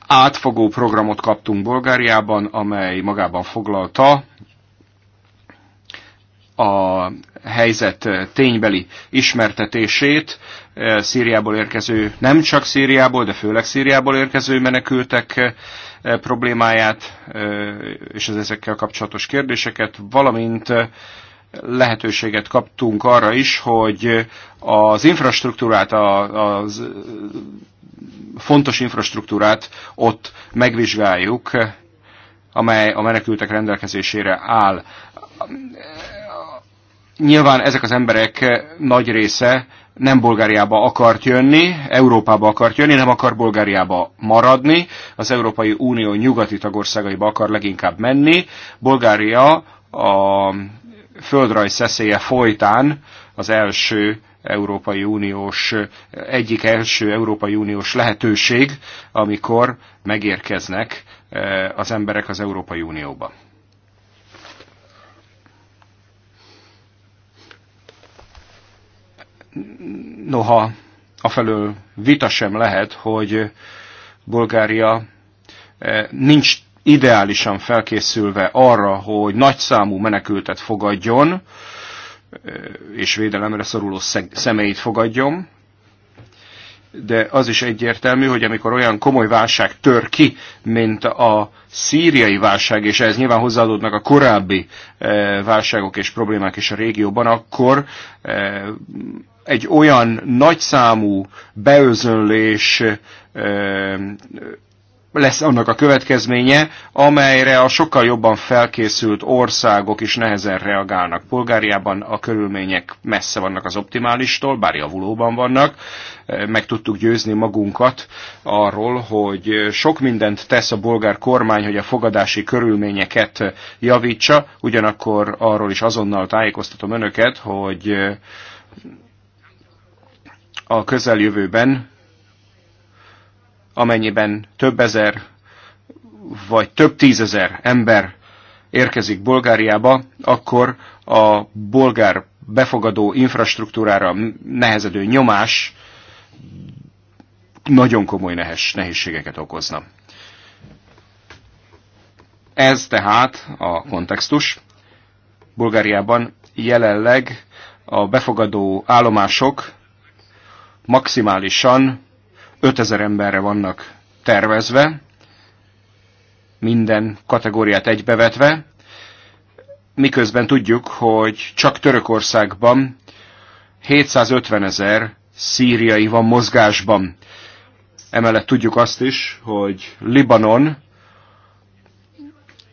átfogó programot kaptunk Bulgáriában, amely magában foglalta a helyzet ténybeli ismertetését Szíriából érkező, nem csak Szíriából, de főleg Szíriából érkező menekültek eh, problémáját eh, és az ezekkel kapcsolatos kérdéseket, valamint eh, lehetőséget kaptunk arra is, hogy az infrastruktúrát, a, az fontos infrastruktúrát ott megvizsgáljuk, amely a menekültek rendelkezésére áll Nyilván ezek az emberek eh, nagy része nem Bulgáriába akart jönni, Európába akart jönni, nem akar Bulgáriába maradni, az Európai Unió nyugati tagországaiba akar leginkább menni. Bulgária a földrajz szeszélye folytán az első Európai Uniós, egyik első Európai Uniós lehetőség, amikor megérkeznek eh, az emberek az Európai Unióba. Noha afelől vita sem lehet, hogy Bulgária eh, nincs ideálisan felkészülve arra, hogy nagyszámú menekültet fogadjon, eh, és védelemre szoruló személyt fogadjon, de az is egyértelmű, hogy amikor olyan komoly válság tör ki, mint a szíriai válság, és ez nyilván hozzáadódnak a korábbi eh, válságok és problémák is a régióban, akkor egy olyan nagyszámú beözönlés lesz annak a következménye, amelyre a sokkal jobban felkészült országok is nehezen reagálnak. Polgáriában a körülmények messze vannak az optimálistól, bár javulóban vannak. Meg tudtuk győzni magunkat arról, hogy sok mindent tesz a bolgár kormány, hogy a fogadási körülményeket javítsa, ugyanakkor arról is azonnal tájékoztatom önöket, hogy a közeljövőben, amennyiben több ezer vagy több tízezer ember érkezik Bulgáriába, akkor a bolgár befogadó infrastruktúrára nehezedő nyomás nagyon komoly nehez, nehézségeket okozna. Ez tehát a kontextus. Bulgáriában jelenleg a befogadó állomások maximálisan 5000 emberre vannak tervezve, minden kategóriát egybevetve, miközben tudjuk, hogy csak Törökországban 750 ezer szíriai van mozgásban. Emellett tudjuk azt is, hogy Libanon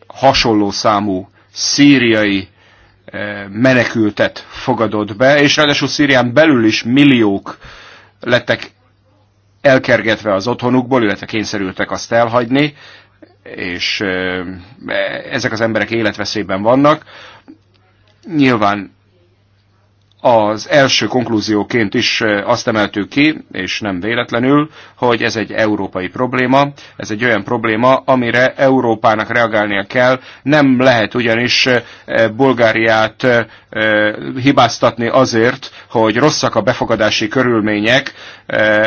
hasonló számú szíriai eh, menekültet fogadott be, és ráadásul Szírián belül is milliók lettek elkergetve az otthonukból, illetve kényszerültek azt elhagyni, és e, ezek az emberek életveszélyben vannak. Nyilván az első konklúzióként is eh, azt emeltük ki, és nem véletlenül, hogy ez egy európai probléma, ez egy olyan probléma, amire Európának reagálnia kell. Nem lehet ugyanis eh, Bulgáriát eh, hibáztatni azért, hogy rosszak a befogadási körülmények,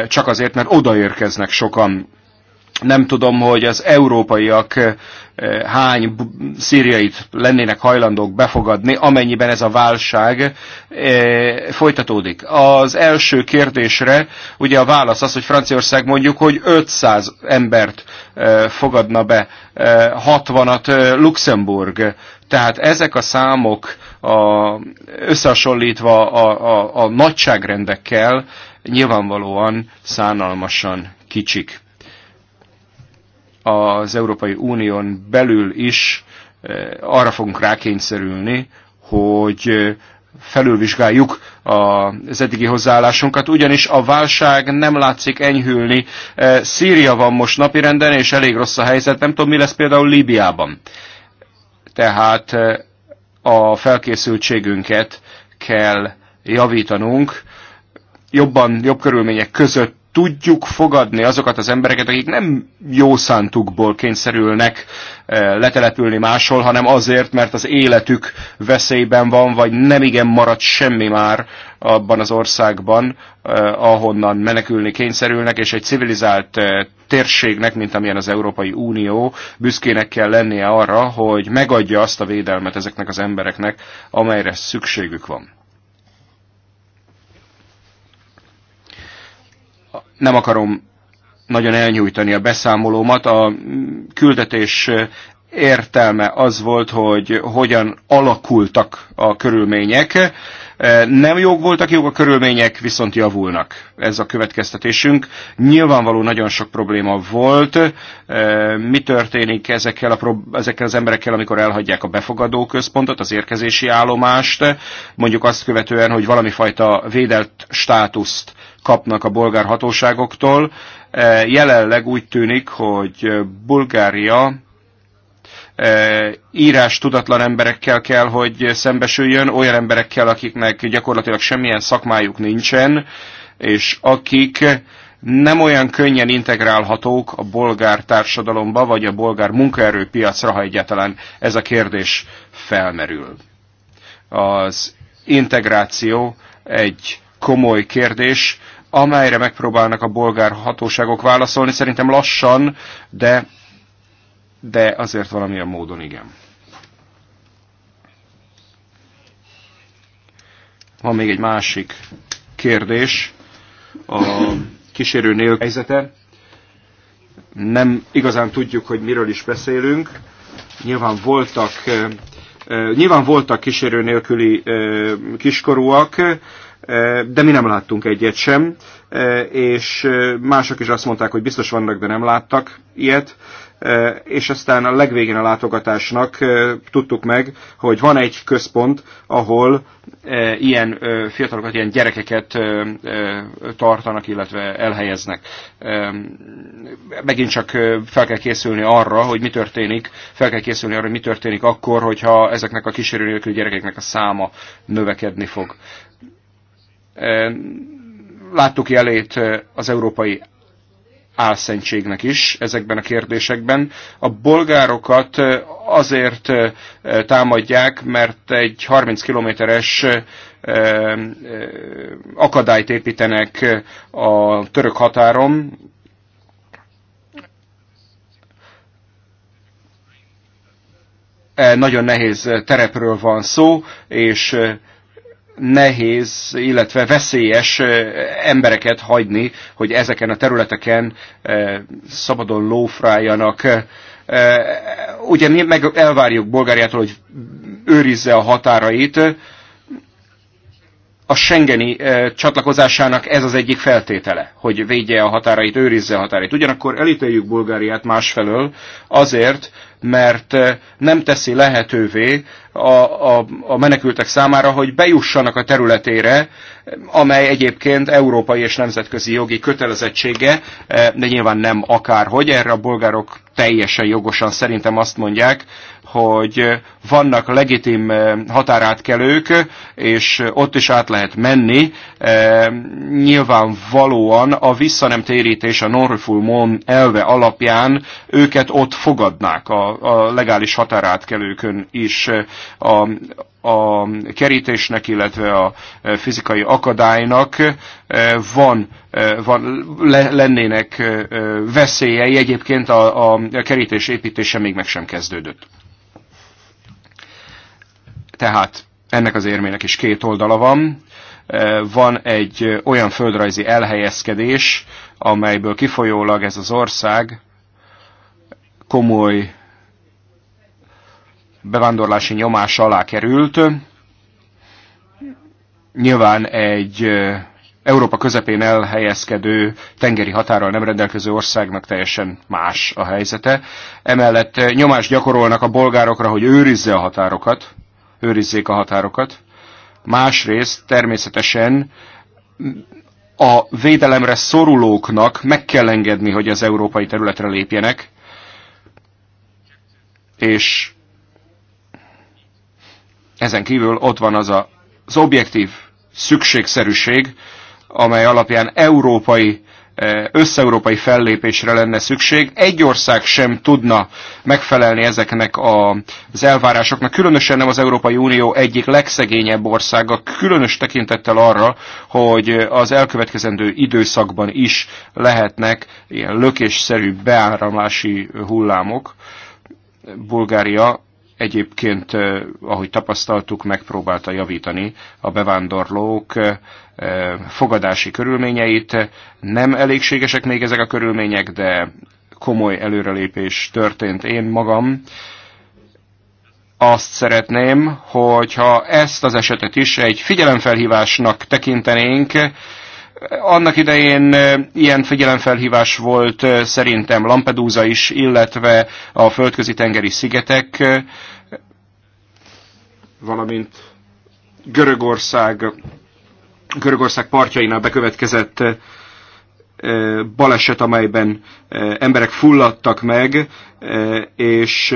csak azért, mert odaérkeznek sokan nem tudom, hogy az európaiak eh, hány szíriait lennének hajlandók befogadni, amennyiben ez a válság eh, folytatódik. Az első kérdésre ugye a válasz az, hogy Franciaország mondjuk, hogy 500 embert eh, fogadna be, 60-at Luxemburg. Tehát ezek a számok a, összehasonlítva a, a, a nagyságrendekkel nyilvánvalóan szánalmasan kicsik az Európai Unión belül is eh, arra fogunk rákényszerülni, hogy eh, felülvizsgáljuk az eddigi hozzáállásunkat, ugyanis a válság nem látszik enyhülni. Eh, Szíria van most napirenden, és elég rossz a helyzet, nem tudom, mi lesz például Líbiában. Tehát a felkészültségünket kell javítanunk, jobban, jobb körülmények között tudjuk fogadni azokat az embereket, akik nem jó szántukból kényszerülnek eh, letelepülni máshol, hanem azért, mert az életük veszélyben van, vagy nem igen marad semmi már abban az országban, eh, ahonnan menekülni kényszerülnek, és egy civilizált eh, térségnek, mint amilyen az Európai Unió, büszkének kell lennie arra, hogy megadja azt a védelmet ezeknek az embereknek, amelyre szükségük van. nem akarom nagyon elnyújtani a beszámolómat. A küldetés értelme az volt, hogy hogyan alakultak a körülmények. Nem jók voltak jók a körülmények, viszont javulnak. Ez a következtetésünk. Nyilvánvaló nagyon sok probléma volt. Mi történik ezekkel, a ezekkel az emberekkel, amikor elhagyják a befogadó központot, az érkezési állomást, mondjuk azt követően, hogy valami fajta védelt státuszt kapnak a bolgár hatóságoktól. E, jelenleg úgy tűnik, hogy Bulgária e, írás tudatlan emberekkel kell, hogy szembesüljön, olyan emberekkel, akiknek gyakorlatilag semmilyen szakmájuk nincsen, és akik nem olyan könnyen integrálhatók a bolgár társadalomba, vagy a bolgár munkaerőpiacra, ha egyáltalán ez a kérdés felmerül. Az integráció egy komoly kérdés, amelyre megpróbálnak a bolgár hatóságok válaszolni. Szerintem lassan, de, de azért valamilyen módon igen. Van még egy másik kérdés a kísérő nélkül helyzete. Nem igazán tudjuk, hogy miről is beszélünk. Nyilván voltak, eh, eh, nyilván voltak kísérő nélküli eh, kiskorúak, de mi nem láttunk egyet sem, és mások is azt mondták, hogy biztos vannak, de nem láttak ilyet, és aztán a legvégén a látogatásnak tudtuk meg, hogy van egy központ, ahol ilyen fiatalokat, ilyen gyerekeket tartanak, illetve elhelyeznek. Megint csak fel kell készülni arra, hogy mi történik, fel kell készülni arra, hogy mi történik akkor, hogyha ezeknek a kísérő nélkül gyerekeknek a száma növekedni fog. Láttuk jelét az európai álszentségnek is ezekben a kérdésekben. A bolgárokat azért támadják, mert egy 30 kilométeres akadályt építenek a török határon, nagyon nehéz terepről van szó, és nehéz, illetve veszélyes embereket hagyni, hogy ezeken a területeken szabadon lófrájanak. Ugye mi meg elvárjuk Bulgáriától, hogy őrizze a határait, a Schengeni csatlakozásának ez az egyik feltétele, hogy védje a határait, őrizze a határait. Ugyanakkor elítéljük Bulgáriát másfelől azért, mert eh, nem teszi lehetővé a, a, a menekültek számára, hogy bejussanak a területére, amely egyébként európai és nemzetközi jogi kötelezettsége, eh, de nyilván nem akárhogy. Erre a bolgárok teljesen jogosan szerintem azt mondják, hogy eh, vannak legitim eh, határátkelők, és eh, ott is át lehet menni. Nyilvánvalóan a visszanemtérítés a non-refoulement elve alapján őket ott fogadnák a, a legális határátkelőkön is. A, a kerítésnek, illetve a fizikai akadálynak van, van lennének veszélyei. Egyébként a, a kerítés építése még meg sem kezdődött. Tehát ennek az érmének is két oldala van. Van egy olyan földrajzi elhelyezkedés, amelyből kifolyólag ez az ország komoly bevándorlási nyomás alá került. Nyilván egy Európa közepén elhelyezkedő tengeri határral nem rendelkező országnak teljesen más a helyzete. Emellett nyomást gyakorolnak a bolgárokra, hogy őrizze a határokat, őrizzék a határokat. Másrészt természetesen a védelemre szorulóknak meg kell engedni, hogy az európai területre lépjenek, és ezen kívül ott van az a, az objektív szükségszerűség, amely alapján európai összeurópai fellépésre lenne szükség. Egy ország sem tudna megfelelni ezeknek az elvárásoknak, különösen nem az Európai Unió egyik legszegényebb országa, különös tekintettel arra, hogy az elkövetkezendő időszakban is lehetnek ilyen lökésszerű beáramlási hullámok. Bulgária egyébként, eh, ahogy tapasztaltuk, megpróbálta javítani a bevándorlók eh, eh, fogadási körülményeit. Nem elégségesek még ezek a körülmények, de komoly előrelépés történt én magam. Azt szeretném, hogyha ezt az esetet is egy figyelemfelhívásnak tekintenénk, annak idején ilyen figyelemfelhívás volt szerintem Lampedusa is, illetve a földközi tengeri szigetek, valamint Görögország, Görögország partjainál bekövetkezett baleset, amelyben emberek fulladtak meg, és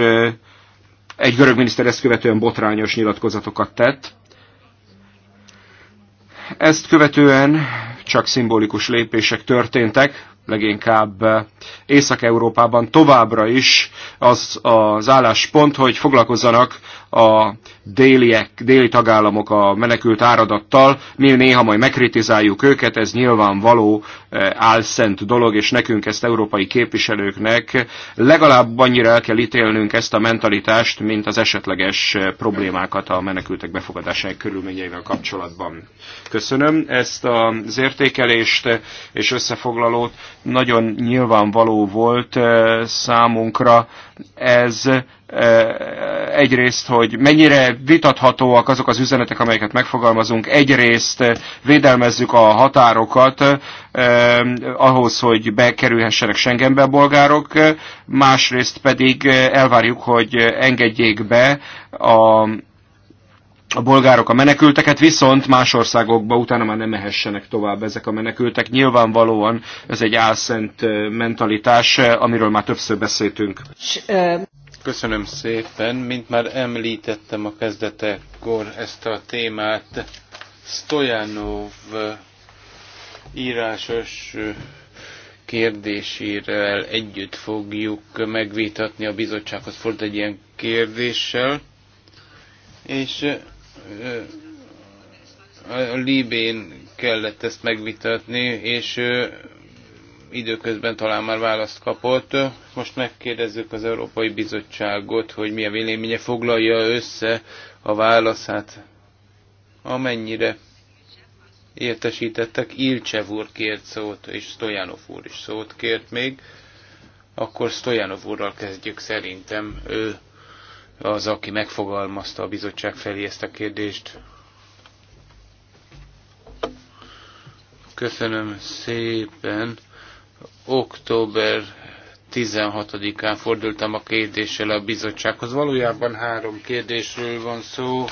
egy görög miniszter ezt követően botrányos nyilatkozatokat tett. Ezt követően csak szimbolikus lépések történtek, leginkább eh, Észak-Európában továbbra is az az álláspont, hogy foglalkozzanak a déliek, déli tagállamok a menekült áradattal. Mi néha majd megkritizáljuk őket, ez nyilvánvaló eh, álszent dolog, és nekünk ezt európai képviselőknek legalább annyira el kell ítélnünk ezt a mentalitást, mint az esetleges eh, problémákat a menekültek befogadásai körülményeivel kapcsolatban. Köszönöm ezt az értékelést és összefoglalót. Nagyon nyilvánvaló volt eh, számunkra ez Eh, egyrészt, hogy mennyire vitathatóak azok az üzenetek, amelyeket megfogalmazunk, egyrészt eh, védelmezzük a határokat eh, ahhoz, hogy bekerülhessenek Schengenbe a bolgárok, másrészt pedig elvárjuk, hogy engedjék be a a bolgárok a menekülteket, viszont más országokba utána már nem mehessenek tovább ezek a menekültek. Nyilvánvalóan ez egy álszent mentalitás, amiről már többször beszéltünk. Köszönöm szépen, mint már említettem a kezdetekkor ezt a témát, Stojanov eh, írásos eh, kérdésével együtt fogjuk megvitatni a bizottsághoz fordult egy ilyen kérdéssel, és eh, a Libén kellett ezt megvitatni, és időközben talán már választ kapott. Most megkérdezzük az Európai Bizottságot, hogy mi a véleménye foglalja össze a válaszát, amennyire értesítettek. Ilcsev úr kért szót, és Stojanov úr is szót kért még. Akkor Stojanov úrral kezdjük szerintem. Ő az, aki megfogalmazta a bizottság felé ezt a kérdést. Köszönöm szépen. Október 16-án fordultam a kérdéssel a bizottsághoz. Valójában három kérdésről van szó,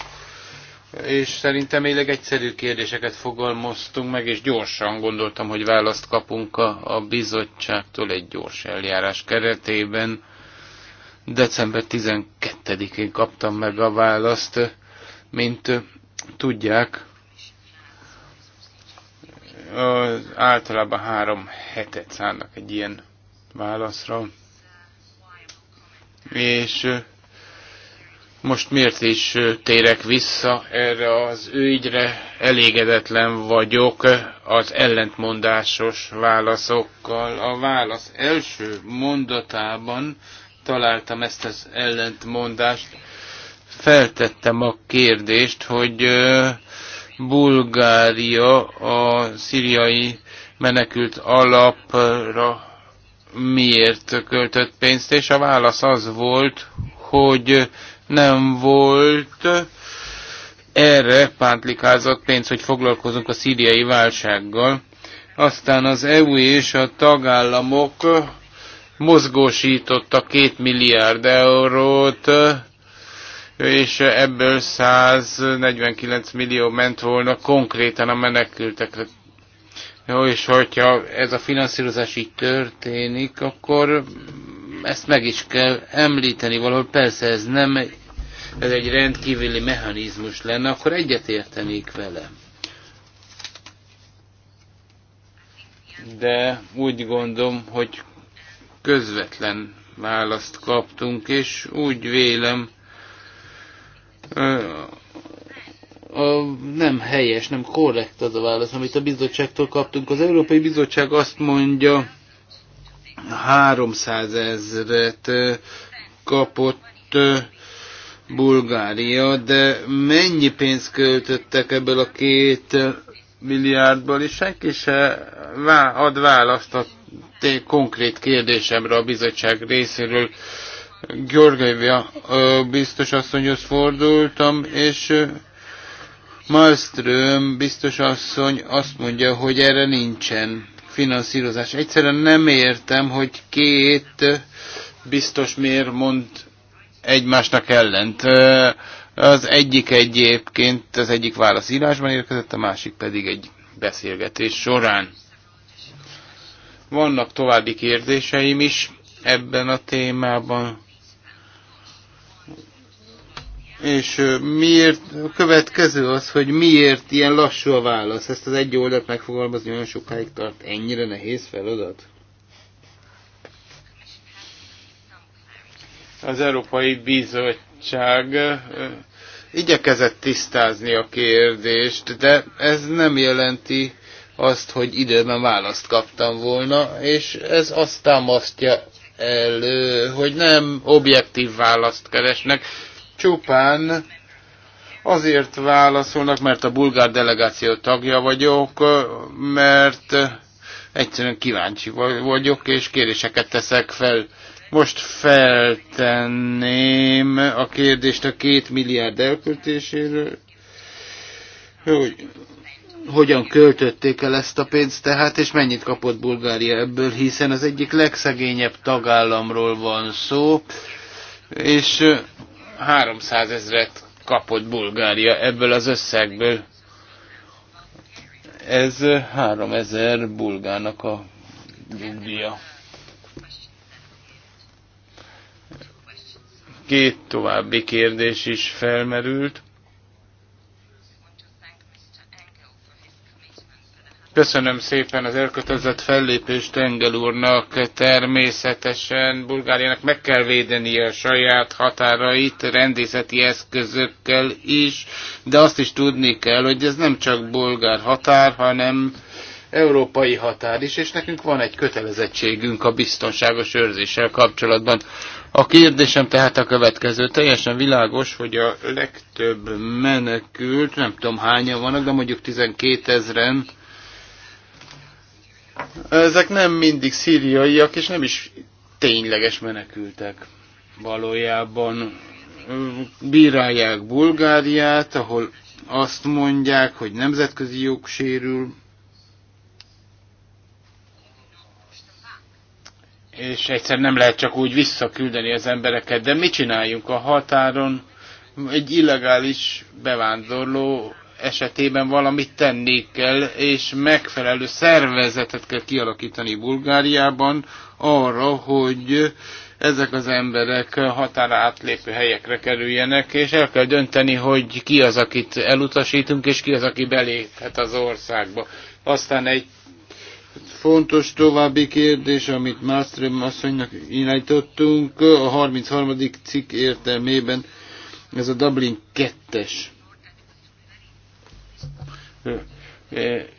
és szerintem éleg egyszerű kérdéseket fogalmaztunk meg, és gyorsan gondoltam, hogy választ kapunk a, a bizottságtól egy gyors eljárás keretében. December 12-én kaptam meg a választ, mint tudják, az általában három hetet szállnak egy ilyen válaszra. És most miért is térek vissza erre az ügyre? Elégedetlen vagyok az ellentmondásos válaszokkal. A válasz első mondatában találtam ezt az ellentmondást. Feltettem a kérdést, hogy Bulgária a szíriai menekült alapra miért költött pénzt, és a válasz az volt, hogy nem volt erre pántlikázott pénz, hogy foglalkozunk a szíriai válsággal. Aztán az EU és a tagállamok mozgósítottak két milliárd eurót és ebből 149 millió ment volna konkrétan a menekültekre. Jó, és hogyha ez a finanszírozás így történik, akkor ezt meg is kell említeni valahol. Persze ez nem, ez egy rendkívüli mechanizmus lenne, akkor egyetértenék vele. De úgy gondolom, hogy közvetlen választ kaptunk, és úgy vélem, a, nem helyes, nem korrekt az a válasz, amit a bizottságtól kaptunk. Az Európai Bizottság azt mondja, 300 ezeret kapott Bulgária, de mennyi pénzt költöttek ebből a két milliárdból, és senki se ad választ a konkrét kérdésemre a bizottság részéről. Györgyevja biztos asszonyhoz fordultam, és Malmström biztos asszony azt mondja, hogy erre nincsen finanszírozás. Egyszerűen nem értem, hogy két biztos miért mond egymásnak ellent. Az egyik egyébként, az egyik válasz írásban érkezett, a másik pedig egy beszélgetés során. Vannak további kérdéseim is ebben a témában. És miért, a következő az, hogy miért ilyen lassú a válasz. Ezt az egy oldalt megfogalmazni olyan sokáig tart. Ennyire nehéz feladat? Az Európai Bizottság igyekezett tisztázni a kérdést, de ez nem jelenti azt, hogy időben választ kaptam volna, és ez azt támasztja elő, hogy nem objektív választ keresnek, Csupán azért válaszolnak, mert a bulgár delegáció tagja vagyok, mert egyszerűen kíváncsi vagyok, és kéréseket teszek fel. Most feltenném a kérdést a két milliárd elköltéséről, hogy hogyan költötték el ezt a pénzt tehát, és mennyit kapott Bulgária ebből, hiszen az egyik legszegényebb tagállamról van szó, és 300 ezret kapott Bulgária ebből az összegből. Ez 3000 bulgának a nyugdíja. Két további kérdés is felmerült. Köszönöm szépen az elkötelezett fellépést Engel úrnak. Természetesen Bulgáriának meg kell védenie a saját határait rendészeti eszközökkel is, de azt is tudni kell, hogy ez nem csak bulgár határ, hanem európai határ is, és nekünk van egy kötelezettségünk a biztonságos őrzéssel kapcsolatban. A kérdésem tehát a következő. Teljesen világos, hogy a legtöbb menekült, nem tudom hányan vannak, de mondjuk 12 ezeren, ezek nem mindig szíriaiak, és nem is tényleges menekültek. Valójában bírálják Bulgáriát, ahol azt mondják, hogy nemzetközi jog sérül, és egyszer nem lehet csak úgy visszaküldeni az embereket, de mit csináljunk a határon? Egy illegális bevándorló esetében valamit tenni kell, és megfelelő szervezetet kell kialakítani Bulgáriában arra, hogy ezek az emberek határa átlépő helyekre kerüljenek, és el kell dönteni, hogy ki az, akit elutasítunk, és ki az, aki beléphet az országba. Aztán egy fontos további kérdés, amit Mászlöm asszonynak irányítottunk, a 33. cikk értelmében, ez a Dublin 2-es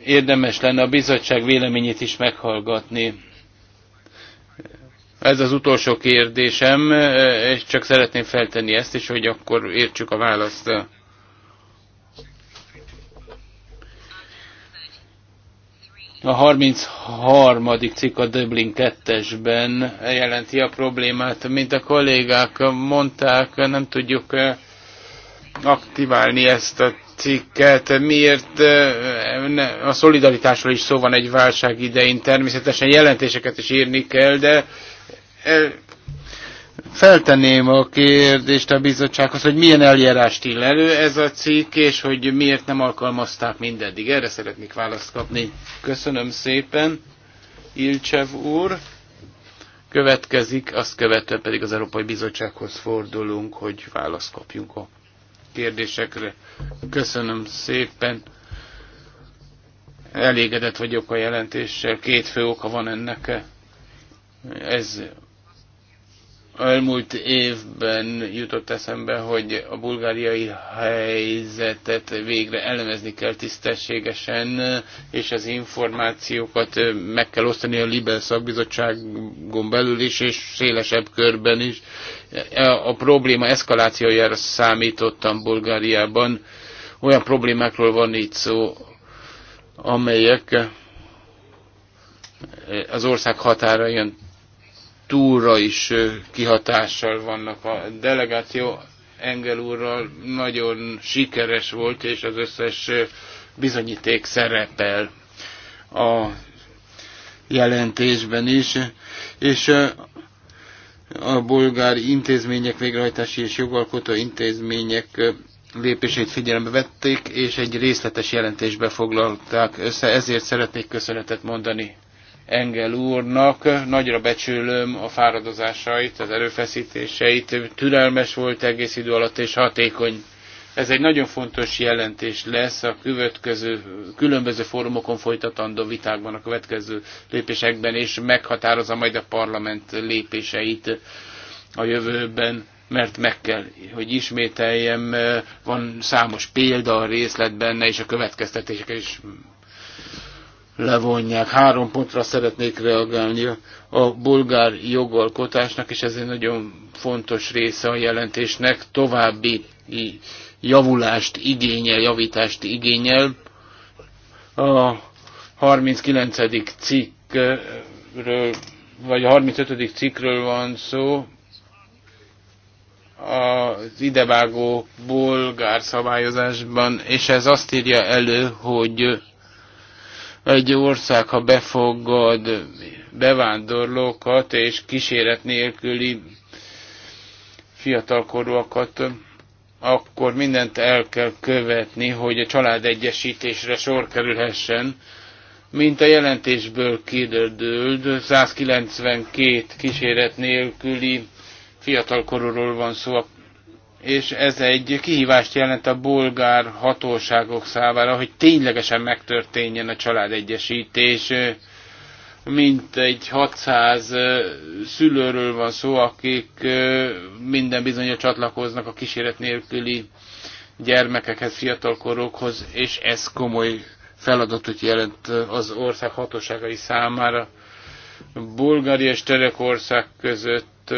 érdemes lenne a bizottság véleményét is meghallgatni. Ez az utolsó kérdésem, és csak szeretném feltenni ezt is, hogy akkor értsük a választ. A 33. cikk a Dublin 2-esben jelenti a problémát. Mint a kollégák mondták, nem tudjuk eh, aktiválni ezt a cikket, miért a szolidaritásról is szó van egy válság idején, természetesen jelentéseket is írni kell, de feltenném a kérdést a bizottsághoz, hogy milyen eljárást ill elő ez a cikk, és hogy miért nem alkalmazták mindeddig. Erre szeretnék választ kapni. Köszönöm szépen, Ilcsev úr. Következik, azt követően pedig az Európai Bizottsághoz fordulunk, hogy választ kapjunk a kérdésekre. Köszönöm szépen. Elégedett vagyok a jelentéssel. Két fő oka van ennek. Ez elmúlt évben jutott eszembe, hogy a bulgáriai helyzetet végre elemezni kell tisztességesen, és az információkat meg kell osztani a Libel szakbizottságon belül is, és szélesebb körben is. A probléma eszkalációjára számítottam Bulgáriában. Olyan problémákról van itt szó, amelyek az ország határain túlra is kihatással vannak. A delegáció Engel úrral nagyon sikeres volt, és az összes bizonyíték szerepel a jelentésben is, és a bolgár intézmények, végrehajtási és jogalkotó intézmények lépését figyelembe vették, és egy részletes jelentésbe foglalták össze, ezért szeretnék köszönetet mondani Engel úrnak. Nagyra becsülöm a fáradozásait, az erőfeszítéseit. Türelmes volt egész idő alatt és hatékony. Ez egy nagyon fontos jelentés lesz a következő, különböző fórumokon folytatandó vitákban, a következő lépésekben, és meghatározza majd a parlament lépéseit a jövőben mert meg kell, hogy ismételjem, van számos példa a részlet benne, és a következtetések is levonják. Három pontra szeretnék reagálni a bulgár jogalkotásnak, és ez egy nagyon fontos része a jelentésnek. További javulást igényel, javítást igényel. A 39. cikkről, vagy a 35. cikkről van szó, az idevágó bolgár szabályozásban, és ez azt írja elő, hogy egy ország, ha befogad bevándorlókat és kíséret nélküli fiatalkorúakat, akkor mindent el kell követni, hogy a családegyesítésre sor kerülhessen. Mint a jelentésből kiderült, 192 kíséret nélküli fiatalkorúról van szó, és ez egy kihívást jelent a bulgár hatóságok számára, hogy ténylegesen megtörténjen a családegyesítés. Mint egy 600 szülőről van szó, akik minden bizonyos csatlakoznak a kíséret nélküli gyermekekhez, fiatalkorokhoz, és ez komoly feladatot jelent az ország hatóságai számára. Bulgária és Törökország között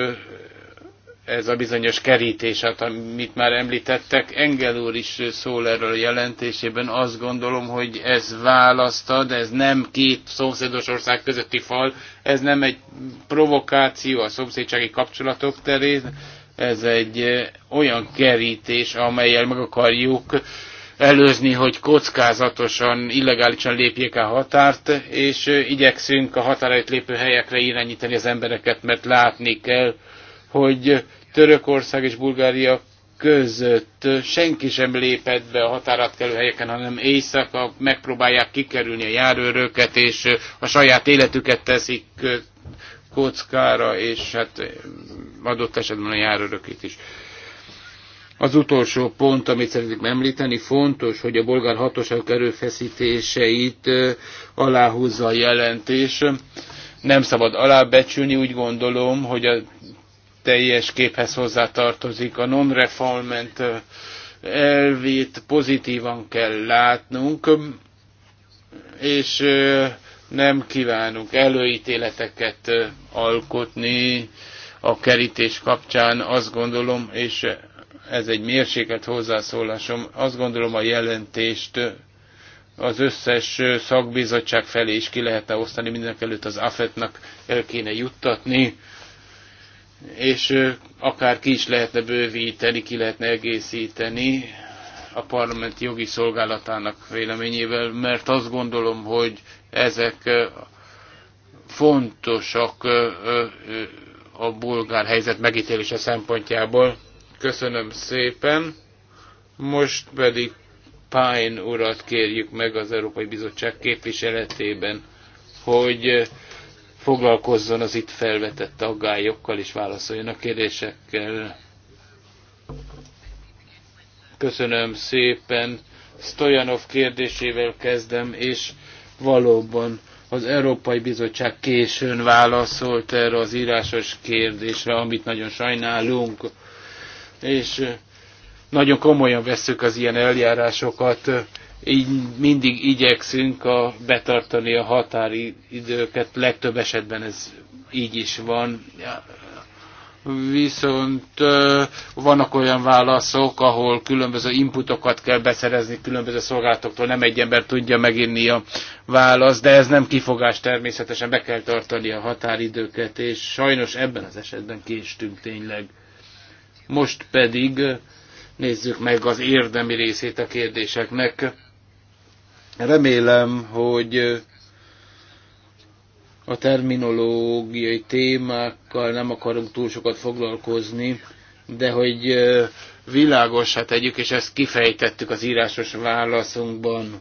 ez a bizonyos kerítés, hát, amit már említettek. Engel úr is szól erről a jelentésében. Azt gondolom, hogy ez választ ad, ez nem két szomszédos ország közötti fal, ez nem egy provokáció a szomszédsági kapcsolatok terén, ez egy eh, olyan kerítés, amelyel meg akarjuk előzni, hogy kockázatosan, illegálisan lépjék el határt, és eh, igyekszünk a határait lépő helyekre irányítani az embereket, mert látni kell, hogy Törökország és Bulgária között senki sem lépett be a határátkelő helyeken, hanem éjszaka megpróbálják kikerülni a járőröket, és a saját életüket teszik kockára, és hát adott esetben a járőrökét is. Az utolsó pont, amit szeretnék említeni, fontos, hogy a bolgár hatóságok erőfeszítéseit aláhúzza a jelentés. Nem szabad alábecsülni, úgy gondolom, hogy a teljes képhez hozzátartozik. A non-refoulement elvét pozitívan kell látnunk, és nem kívánunk előítéleteket alkotni a kerítés kapcsán, azt gondolom, és ez egy mérsékelt hozzászólásom, azt gondolom a jelentést az összes szakbizottság felé is ki lehetne osztani, mindenek előtt az AFET-nak el kéne juttatni, és akár ki is lehetne bővíteni, ki lehetne egészíteni a parlament jogi szolgálatának véleményével, mert azt gondolom, hogy ezek fontosak a bulgár helyzet megítélése szempontjából. Köszönöm szépen. Most pedig Pine urat kérjük meg az Európai Bizottság képviseletében, hogy foglalkozzon az itt felvetett aggályokkal és válaszoljon a kérdésekkel. Köszönöm szépen. Stojanov kérdésével kezdem, és valóban az Európai Bizottság későn válaszolt erre az írásos kérdésre, amit nagyon sajnálunk, és nagyon komolyan vesszük az ilyen eljárásokat, így mindig igyekszünk a, betartani a határi időket legtöbb esetben ez így is van. Viszont vannak olyan válaszok, ahol különböző inputokat kell beszerezni különböző szolgálatoktól, nem egy ember tudja meginni a választ, de ez nem kifogás természetesen, be kell tartani a határidőket, és sajnos ebben az esetben késtünk tényleg. Most pedig nézzük meg az érdemi részét a kérdéseknek Remélem, hogy a terminológiai témákkal nem akarunk túl sokat foglalkozni, de hogy világosat tegyük, és ezt kifejtettük az írásos válaszunkban,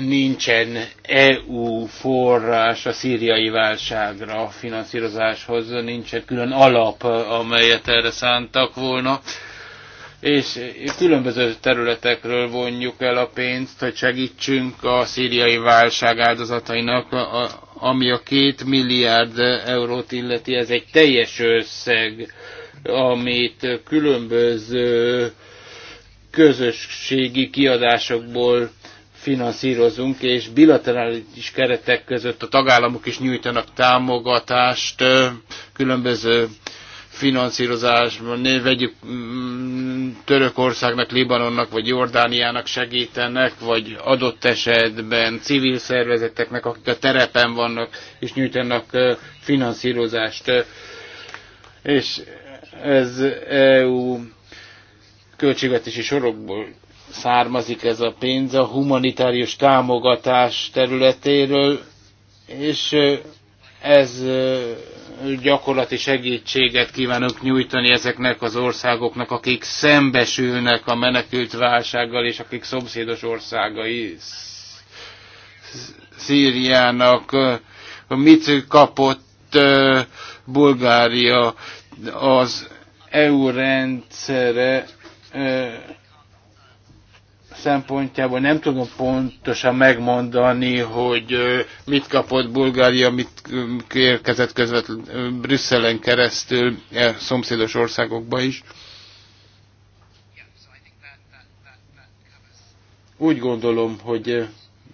nincsen EU forrás a szíriai válságra, a finanszírozáshoz, nincsen külön alap, amelyet erre szántak volna és különböző területekről vonjuk el a pénzt, hogy segítsünk a szíriai válság áldozatainak, a, ami a két milliárd eurót illeti, ez egy teljes összeg, amit különböző közösségi kiadásokból finanszírozunk, és bilaterális keretek között a tagállamok is nyújtanak támogatást különböző finanszírozásban, né, vegyük mm, Törökországnak, Libanonnak vagy Jordániának segítenek, vagy adott esetben civil szervezeteknek, akik a terepen vannak és nyújtanak finanszírozást. És ez EU költségvetési sorokból származik ez a pénz a humanitárius támogatás területéről, és ez gyakorlati segítséget kívánok nyújtani ezeknek az országoknak, akik szembesülnek a menekült válsággal, és akik szomszédos országai Szíriának. Mit kapott Bulgária az EU rendszere szempontjából nem tudom pontosan megmondani, hogy mit kapott Bulgária, mit érkezett közvetlenül Brüsszelen keresztül e szomszédos országokba is. Úgy gondolom, hogy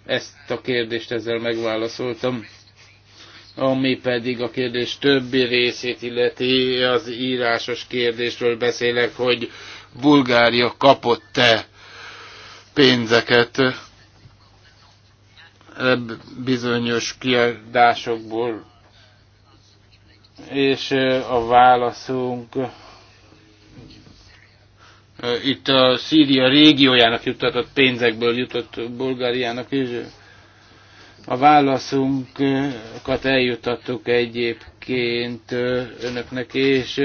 ezt a kérdést ezzel megválaszoltam ami pedig a kérdés többi részét illeti, az írásos kérdésről beszélek, hogy Bulgária kapott-e pénzeket e, bizonyos kiadásokból, és e, a válaszunk e, itt a Szíria régiójának juttatott pénzekből jutott Bulgáriának is. A válaszunkat eljutattuk egyébként önöknek, és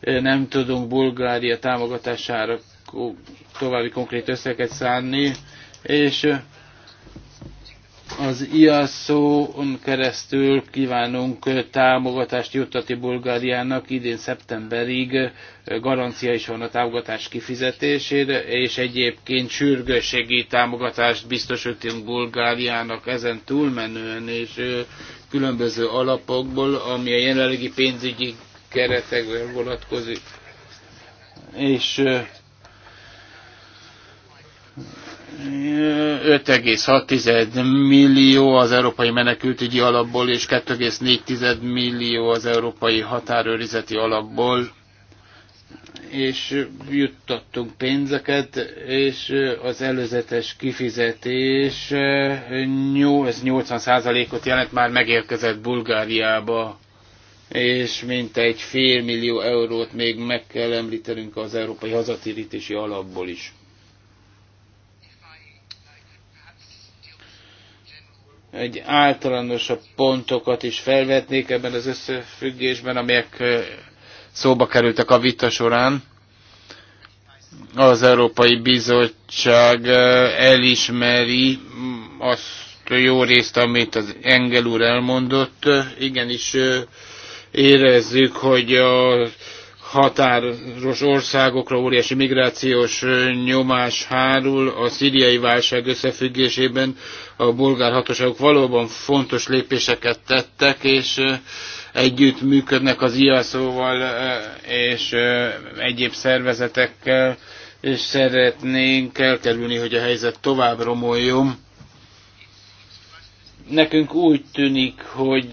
nem tudunk Bulgária támogatására további konkrét összeget szánni, és az IASZON on keresztül kívánunk támogatást juttati Bulgáriának idén szeptemberig, garancia is van a támogatás kifizetésére, és egyébként sürgősségi támogatást biztosítunk Bulgáriának ezen túlmenően, és különböző alapokból, ami a jelenlegi pénzügyi keretekre vonatkozik. És 5,6 millió az Európai Menekültügyi Alapból és 2,4 millió az Európai Határőrizeti Alapból és juttattunk pénzeket, és az előzetes kifizetés ez 80%-ot jelent, már megérkezett Bulgáriába, és mint egy fél millió eurót még meg kell említenünk az Európai Hazatérítési Alapból is. egy általánosabb pontokat is felvetnék ebben az összefüggésben, amelyek szóba kerültek a vita során. Az Európai Bizottság elismeri azt jó részt, amit az Engel úr elmondott. Igenis érezzük, hogy a határos országokra óriási migrációs nyomás hárul a szíriai válság összefüggésében. A bolgár hatóságok valóban fontos lépéseket tettek, és együtt működnek az IASZ-val és egyéb szervezetekkel, és szeretnénk elkerülni, hogy a helyzet tovább romoljon nekünk úgy tűnik, hogy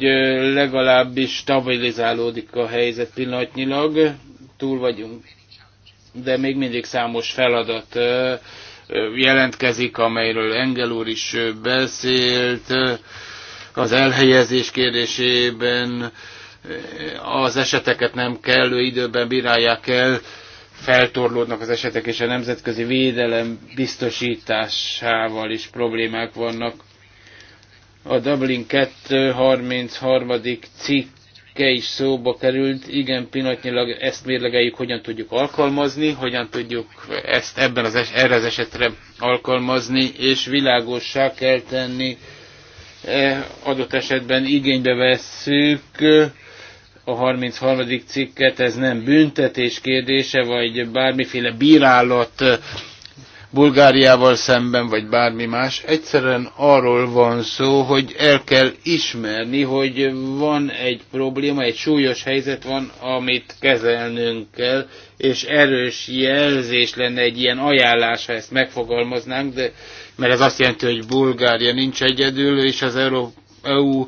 legalábbis stabilizálódik a helyzet pillanatnyilag, túl vagyunk, de még mindig számos feladat jelentkezik, amelyről Engel úr is beszélt, az elhelyezés kérdésében az eseteket nem kellő időben bírálják el, feltorlódnak az esetek, és a nemzetközi védelem biztosításával is problémák vannak. A Dublin 2 33. cikke is szóba került. Igen, pillanatnyilag ezt mérlegeljük, hogyan tudjuk alkalmazni, hogyan tudjuk ezt ebben az es erre az esetre alkalmazni, és világossá kell tenni, e, adott esetben igénybe vesszük e, a 33. cikket, ez nem büntetés kérdése, vagy bármiféle bírálat Bulgáriával szemben, vagy bármi más. Egyszerűen arról van szó, hogy el kell ismerni, hogy van egy probléma, egy súlyos helyzet van, amit kezelnünk kell, és erős jelzés lenne egy ilyen ajánlás, ha ezt megfogalmaznánk, de mert ez azt jelenti, hogy Bulgária nincs egyedül, és az Európa EU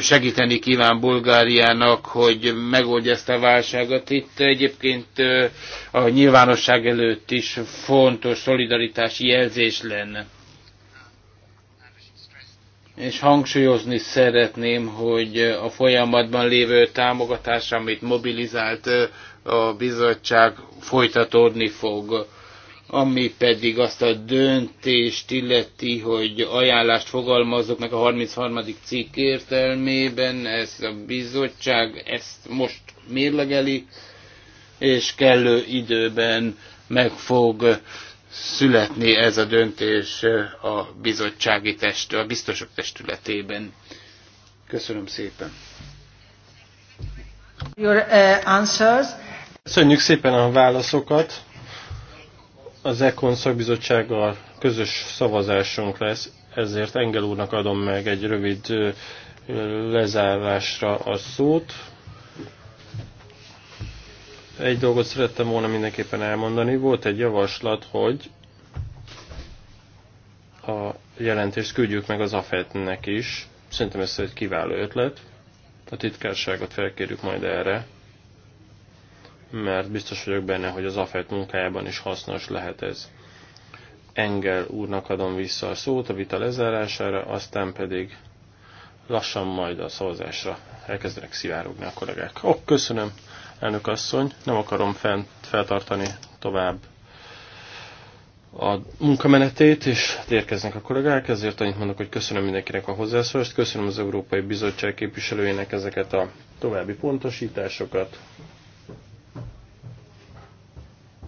segíteni kíván Bulgáriának, hogy megoldja ezt a válságot. Itt egyébként a nyilvánosság előtt is fontos szolidaritási jelzés lenne. És hangsúlyozni szeretném, hogy a folyamatban lévő támogatás, amit mobilizált a bizottság, folytatódni fog ami pedig azt a döntést illeti, hogy ajánlást fogalmazok meg a 33. cikk értelmében, ez a bizottság ezt most mérlegeli, és kellő időben meg fog születni ez a döntés a bizottsági test, a biztosok testületében. Köszönöm szépen. Your, uh, answers. Köszönjük szépen a válaszokat. Az ECON szakbizottsággal közös szavazásunk lesz, ezért Engel úrnak adom meg egy rövid lezárásra a szót. Egy dolgot szerettem volna mindenképpen elmondani. Volt egy javaslat, hogy a jelentést küldjük meg az AFET-nek is. Szerintem ez egy kiváló ötlet. A titkárságot felkérjük majd erre mert biztos vagyok benne, hogy az AFET munkájában is hasznos lehet ez. Engel úrnak adom vissza a szót a vita lezárására, aztán pedig lassan majd a szavazásra elkezdenek szivárogni a kollégák. Ó, köszönöm, elnök asszony, nem akarom fent, feltartani tovább a munkamenetét, és érkeznek a kollégák, ezért annyit mondok, hogy köszönöm mindenkinek a hozzászólást, köszönöm az Európai Bizottság képviselőjének ezeket a további pontosításokat,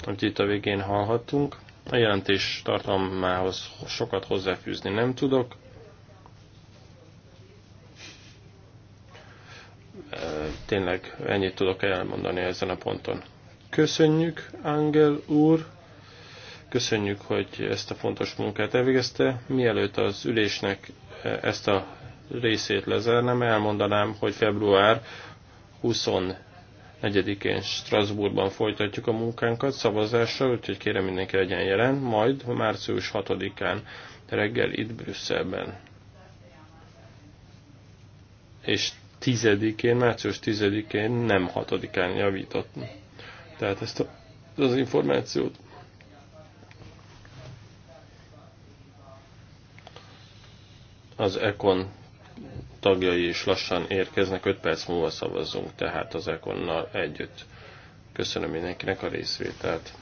amit itt a végén hallhattunk. A jelentés tartalmához sokat hozzáfűzni nem tudok. Tényleg ennyit tudok elmondani ezen a ponton. Köszönjük, Angel úr! Köszönjük, hogy ezt a fontos munkát elvégezte. Mielőtt az ülésnek ezt a részét lezárnám, elmondanám, hogy február 20 4-én Strasbourgban folytatjuk a munkánkat szavazással, úgyhogy kérem mindenki legyen jelen, majd március 6-án reggel itt Brüsszelben. És 10-én, március 10-én, nem 6-án javított. Tehát ezt a, az információt az Econ tagjai is lassan érkeznek, 5 perc múlva szavazzunk tehát az Ekonnal együtt. Köszönöm mindenkinek a részvételt.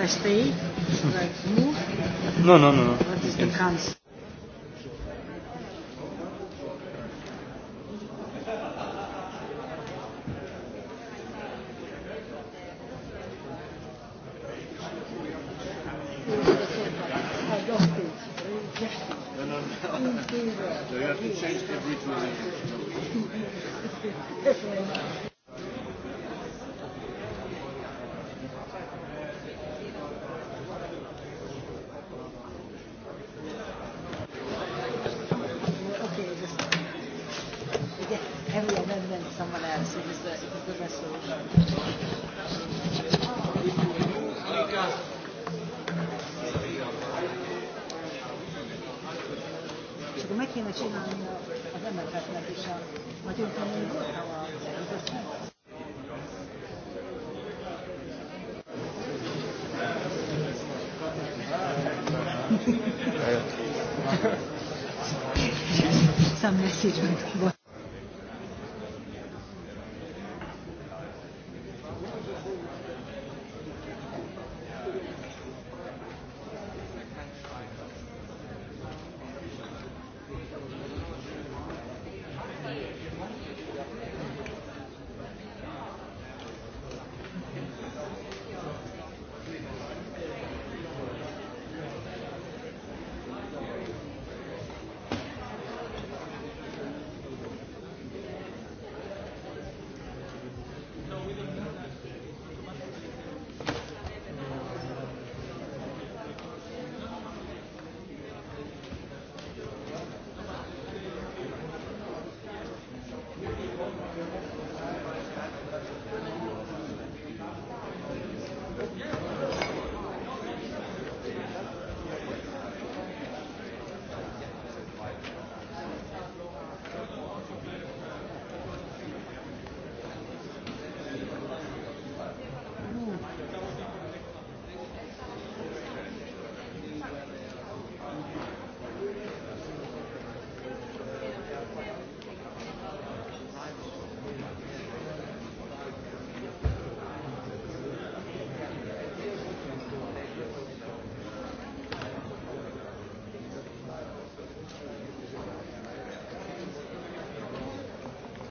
first page? Like move? No, no, no. no. What is the